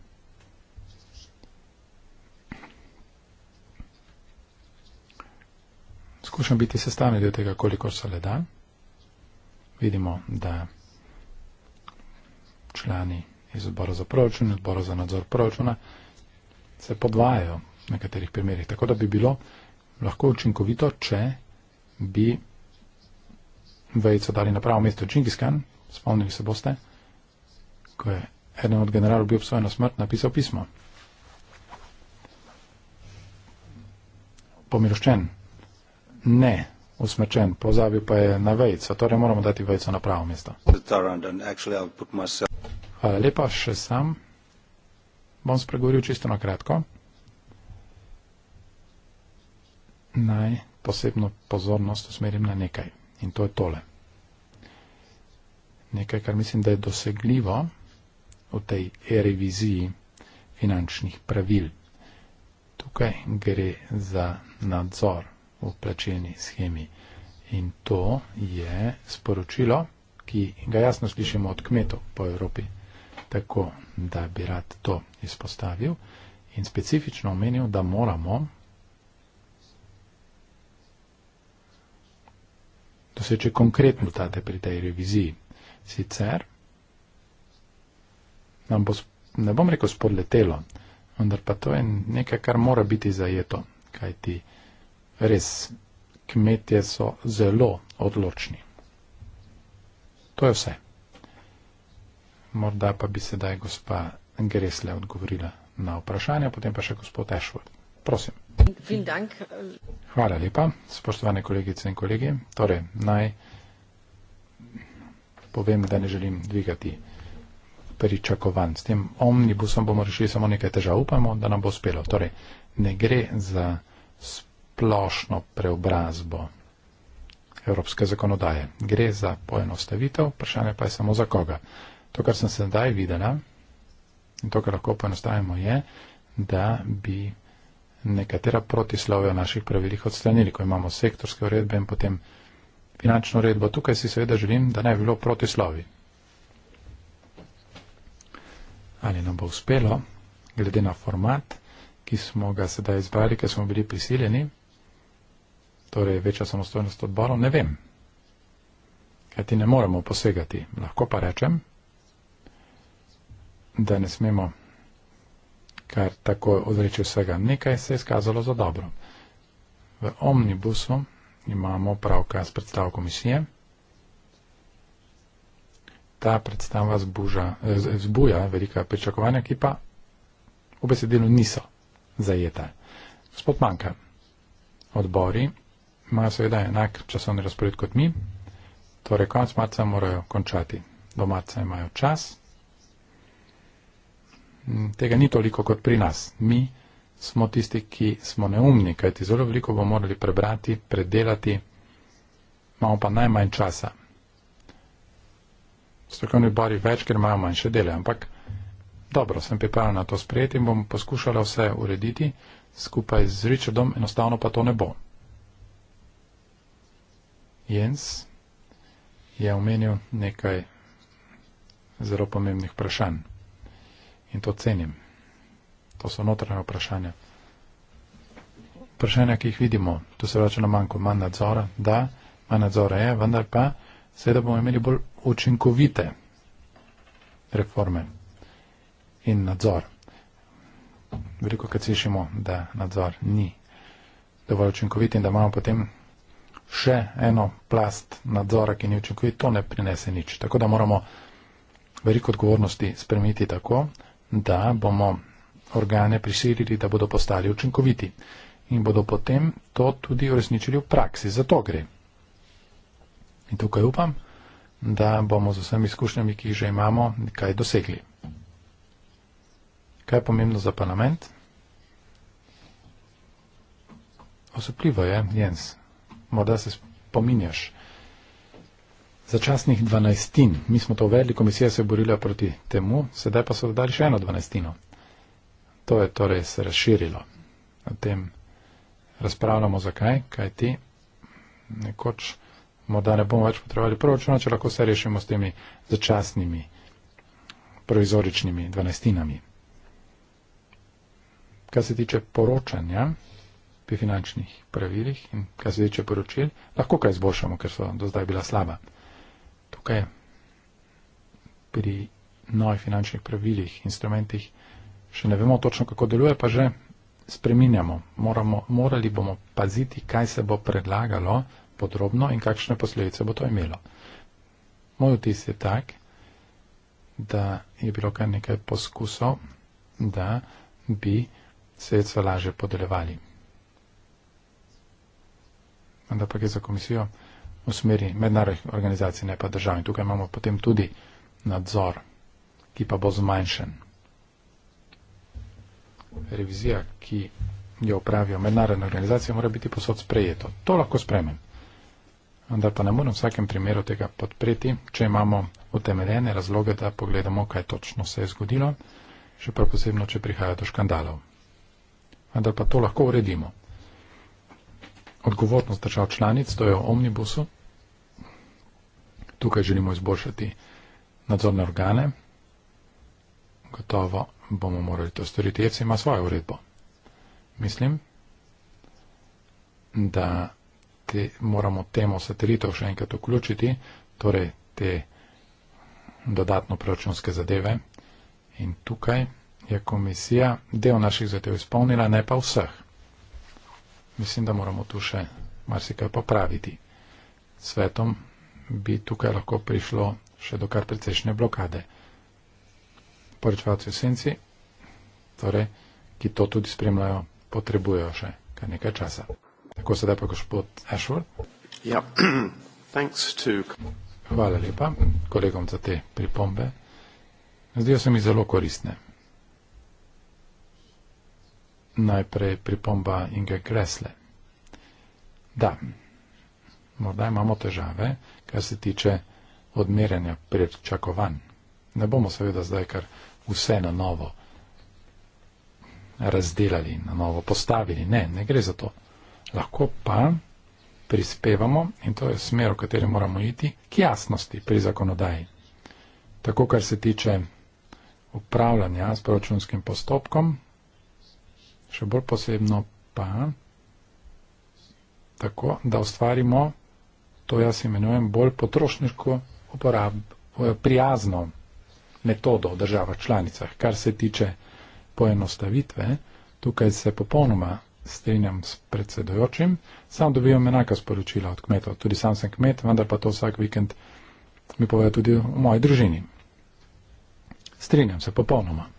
Speaker 1: Skušam biti sestavni del tega, koliko se le da. Vidimo, da člani iz odbora za proračun in odbora za nadzor proračuna se podvajajo v nekaterih primerjih. Tako da bi bilo lahko učinkovito, če bi vejico dali na pravo mesto Džingiskan, spomnili se boste, ko je eden od generalov bil obsojen na smrt, napisal pismo. Pomiroščen ne usmečen, pozabil pa je na vejico, torej moramo dati vejico na pravo mesto. Hvala lepa, še sam bom spregovoril čisto na kratko. Naj posebno pozornost usmerim na nekaj in to je tole. Nekaj, kar mislim, da je dosegljivo v tej reviziji finančnih pravil. Tukaj gre za nadzor v plačilni schemi. In to je sporočilo, ki ga jasno slišimo od kmetov po Evropi, tako da bi rad to izpostavil in specifično omenil, da moramo doseči konkretno tate pri tej reviziji. Sicer nam bo, ne bom rekel spodletelo, vendar pa to je nekaj, kar mora biti zajeto, kajti Res, kmetje so zelo odločni. To je vse. Morda pa bi sedaj gospa Gresle odgovorila na vprašanje, potem pa še gospod Ashwood. Prosim. Hvala lepa, spoštovane kolegice in kolegi. Torej, naj povem, da ne želim dvigati pričakovanj. S tem omnibusom bomo rešili samo nekaj težav. Upamo, da nam bo uspelo. Torej, ne gre za splošno preobrazbo evropske zakonodaje. Gre za poenostavitev, vprašanje pa je samo za koga. To, kar sem sedaj videla in to, kar lahko poenostavimo, je, da bi nekatera protislovja v naših pravilih odstranili, ko imamo sektorske uredbe in potem finančno uredbo. Tukaj si seveda želim, da ne bi bilo protislovi. Ali nam bo uspelo, glede na format, ki smo ga sedaj izbrali, ker smo bili prisiljeni, torej večja samostojnost od barov, ne vem. Kaj ti ne moremo posegati. Lahko pa rečem, da ne smemo kar tako odreči vsega. Nekaj se je skazalo za dobro. V omnibusu imamo pravka s predstavo komisije. Ta predstava zbuža, zbuja velika pričakovanja, ki pa v besedilu niso zajeta. Gospod manjka. Odbori imajo seveda enak časovni razpored kot mi, torej konec marca morajo končati. Do marca imajo čas. Mm, tega ni toliko kot pri nas. Mi smo tisti, ki smo neumni, kajti zelo veliko bomo morali prebrati, predelati, imamo pa najmanj časa. Strokovni bori več, ker imajo manjše dele, ampak dobro, sem pripravljen na to sprejeti in bom poskušala vse urediti skupaj z Richardom, enostavno pa to ne bo. Jens je omenil nekaj zelo pomembnih vprašanj. In to cenim. To so notranje vprašanja. Vprašanja, ki jih vidimo, tu se vrača na manjko, manj nadzora, da, manj nadzora je, vendar pa seveda bomo imeli bolj učinkovite reforme in nadzor. Veliko, kad slišimo, da nadzor ni dovolj učinkovit in da imamo potem še eno plast nadzora, ki ni učinkovit, to ne prinese nič. Tako da moramo veliko odgovornosti spremeniti tako, da bomo organe prisilili, da bodo postali učinkoviti in bodo potem to tudi uresničili v praksi. Za to gre. In tukaj upam, da bomo z vsemi izkušnjami, ki jih že imamo, kaj dosegli. Kaj je pomembno za parlament? Osupljivo je, Jens morda se spominjaš, začasnih dvanajstin. Mi smo to uvedli, komisija se je borila proti temu, sedaj pa so dodali še eno dvanajstino. To je torej se razširilo. O tem razpravljamo zakaj, kaj ti nekoč morda ne bomo več potrebovali proračuna, če lahko se rešimo s temi začasnimi provizoričnimi dvanajstinami. Kar se tiče poročanja, pri finančnih pravilih in kar se tiče poročil, lahko kaj zboljšamo, ker so do zdaj bila slaba. Tukaj pri novih finančnih pravilih, instrumentih, še ne vemo točno, kako deluje, pa že spreminjamo. Moramo, morali bomo paziti, kaj se bo predlagalo podrobno in kakšne posledice bo to imelo. Moj vtis je tak, da je bilo kar nekaj poskusov, da bi sredstva lažje podelevali vendar pa gre za komisijo v smeri mednarodnih organizacij, ne pa držav. In tukaj imamo potem tudi nadzor, ki pa bo zmanjšen. Revizija, ki jo upravijo mednarodne organizacije, mora biti posod sprejeto. To lahko spremem. Vendar pa ne morem v vsakem primeru tega podpreti, če imamo utemeljene razloge, da pogledamo, kaj točno se je zgodilo, še prav posebno, če prihaja do škandalov. Vendar pa to lahko uredimo odgovornost držav članic, to je o omnibusu. Tukaj želimo izboljšati nadzorne organe. Gotovo bomo morali to storiti. ECE ima svojo uredbo. Mislim, da te, moramo temo satelitov še enkrat vključiti, torej te dodatno proračunske zadeve. In tukaj je komisija del naših zadev izpolnila, ne pa vseh mislim, da moramo tu še marsikaj popraviti. Svetom bi tukaj lahko prišlo še do kar precejšnje blokade. Poročevalci v senci, torej, ki to tudi spremljajo, potrebujejo še kar nekaj časa. Tako sedaj pa gospod Ashworth. Ja, [clears throat] thanks to. Hvala lepa kolegom za te pripombe. Zdijo se mi zelo koristne najprej pripomba Inge Kresle. Da, morda imamo težave, kar se tiče odmerjanja pričakovanj. Ne bomo seveda zdaj kar vse na novo razdelali, na novo postavili. Ne, ne gre za to. Lahko pa prispevamo, in to je smer, v kateri moramo iti, k jasnosti pri zakonodaji. Tako, kar se tiče upravljanja s proračunskim postopkom, še bolj posebno pa tako, da ustvarimo, to jaz imenujem, bolj potrošniško uporab, eh, prijazno metodo v državah članicah, kar se tiče poenostavitve. Tukaj se popolnoma strinjam s predsedojočim, sam dobivam enaka sporočila od kmetov, tudi sam sem kmet, vendar pa to vsak vikend mi pove tudi v moji družini. Strinjam se popolnoma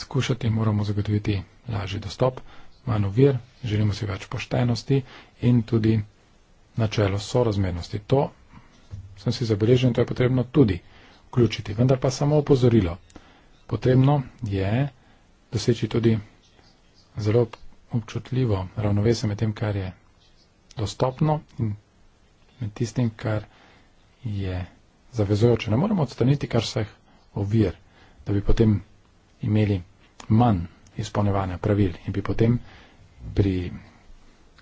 Speaker 1: skušati moramo zagotoviti lažji dostop, manj uvir, želimo si več poštenosti in tudi načelo sorazmernosti. To sem si zabeležil in to je potrebno tudi vključiti. Vendar pa samo opozorilo. Potrebno je doseči tudi zelo občutljivo ravnovesje med tem, kar je dostopno in med tistim, kar je zavezojoče. Ne moramo odstraniti kar vseh ovir, da bi potem imeli manj izpolnjevanja pravil in bi potem pri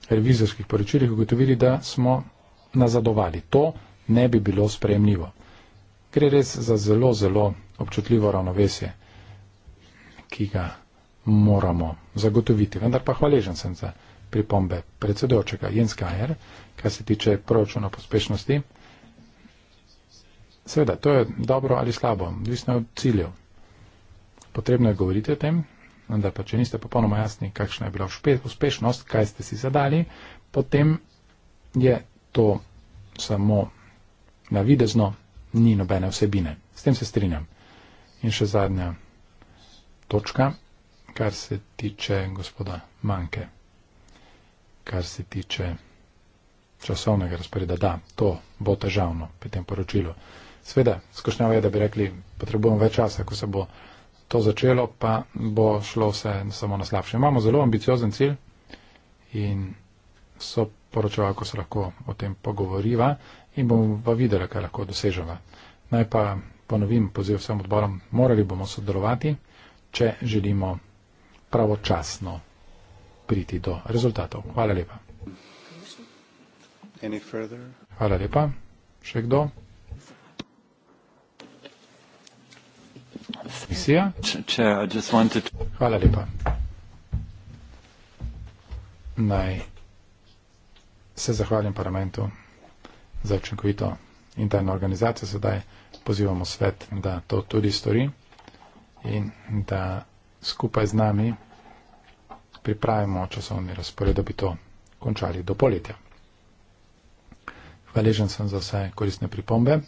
Speaker 1: revizorskih poročilih ugotovili, da smo nazadovali. To ne bi bilo sprejemljivo. Gre res za zelo, zelo občutljivo ravnovesje, ki ga moramo zagotoviti. Vendar pa hvaležen sem za pripombe predsedojočega Jens Kajer, kar se tiče proračuna pospešnosti. Seveda, to je dobro ali slabo, odvisno od ciljev potrebno je govoriti o tem, vendar pa če niste popolnoma jasni, kakšna je bila uspešnost, kaj ste si zadali, potem je to samo navidezno, ni nobene vsebine. S tem se strinjam. In še zadnja točka, kar se tiče gospoda Manke, kar se tiče časovnega razporeda, da, to bo težavno pri tem poročilu. Sveda, skušnjava je, da bi rekli, potrebujemo več časa, ko se bo to začelo, pa bo šlo vse samo na slabše. Imamo zelo ambiciozen cilj in so poročeval, ko se lahko o tem pogovoriva in bomo pa videli, kaj lahko doseževa. Naj pa ponovim poziv vsem odborom, morali bomo sodelovati, če želimo pravočasno priti do rezultatov. Hvala lepa. Hvala lepa. Še kdo? Misija? Hvala lepa. Naj se zahvalim parlamentu za učinkovito interno organizacijo. Sedaj pozivamo svet, da to tudi stori in da skupaj z nami pripravimo časovni razpored, da bi to končali do poletja. Hvaležen sem za vse koristne pripombe.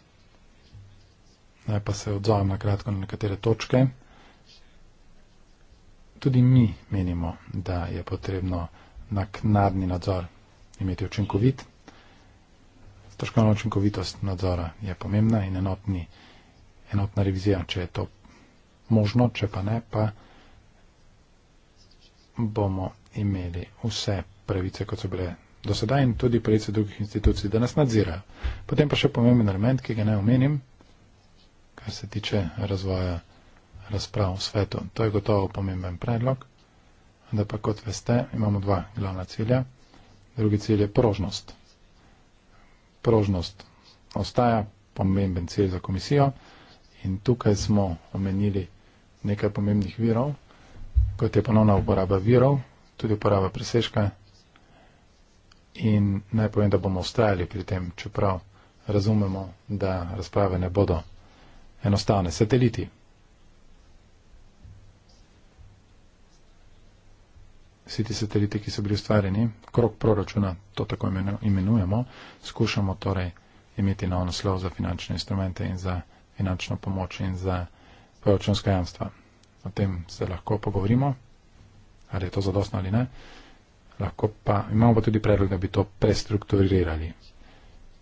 Speaker 1: Naj pa se odzovem na kratko na nekatere točke. Tudi mi menimo, da je potrebno naknadni nadzor imeti učinkovit. Stroškovna učinkovitost nadzora je pomembna in enotni, enotna revizija, če je to možno, če pa ne, pa bomo imeli vse pravice, kot so bile do sedaj in tudi pravice drugih institucij, da nas nadzirajo. Potem pa še pomemben element, ki ga ne omenim, kar se tiče razvoja razprav v svetu. To je gotovo pomemben predlog, da pa kot veste, imamo dva glavna cilja. Drugi cilj je prožnost. Prožnost ostaja pomemben cilj za komisijo in tukaj smo omenili nekaj pomembnih virov, kot je ponovna uporaba virov, tudi uporaba presežka in naj povem, da bomo ustrajali pri tem, čeprav razumemo, da razprave ne bodo enostavne sateliti. Vsi ti sateliti, ki so bili ustvarjeni, krok proračuna, to tako imenujemo, skušamo torej imeti na onoslov za finančne instrumente in za finančno pomoč in za proračunska jamstva. O tem se lahko pogovorimo, ali je to zadostno ali ne. Lahko pa imamo pa tudi predlog, da bi to prestrukturirali.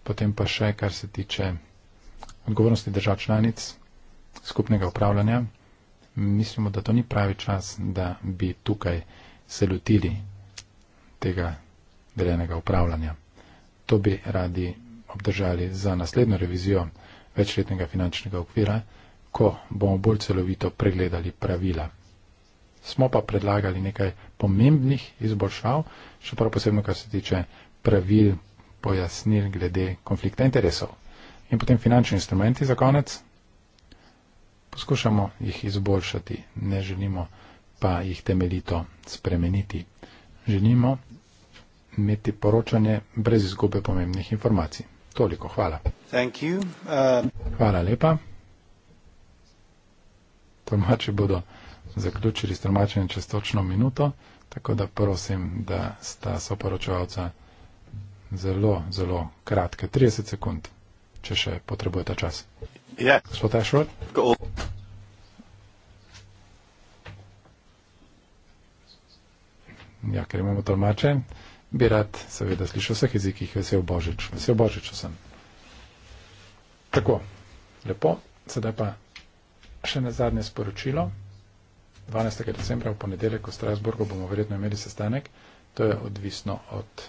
Speaker 1: Potem pa še, kar se tiče odgovornosti držav članic skupnega upravljanja. Mislimo, da to ni pravi čas, da bi tukaj se lotili tega deljenega upravljanja. To bi radi obdržali za naslednjo revizijo večletnega finančnega okvira, ko bomo bolj celovito pregledali pravila. Smo pa predlagali nekaj pomembnih izboljšav, še prav posebno, kar se tiče pravil pojasnil glede konflikta interesov. In potem finančni instrumenti za konec. Poskušamo jih izboljšati, ne želimo pa jih temeljito spremeniti. Želimo imeti poročanje brez izgube pomembnih informacij. Toliko, hvala.
Speaker 4: Uh,
Speaker 1: hvala lepa. Tolmači bodo zaključili s tolmačenjem čez točno minuto, tako da prosim, da sta soporočevalca zelo, zelo kratke, 30 sekund če še potrebujete čas. Ja. Gospod yeah. Ashford? Cool. Ja, ker imamo tolmače, bi rad seveda slišal vseh jezikih, vesel božič, vesel božič sem. Tako, lepo, sedaj pa še na zadnje sporočilo. 12. decembra v ponedeljek v Strasburgu bomo verjetno imeli sestanek, to je odvisno od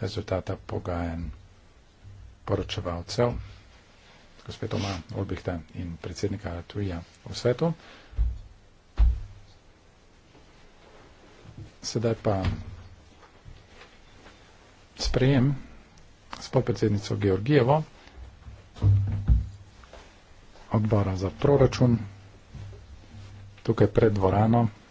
Speaker 1: rezultata pogajanj poročevalcev, gospod Toma Olbihta in predsednika Tuija v svetu. Sedaj pa sprejem s podpredsednico Georgijevo
Speaker 4: odbora za proračun tukaj pred dvorano.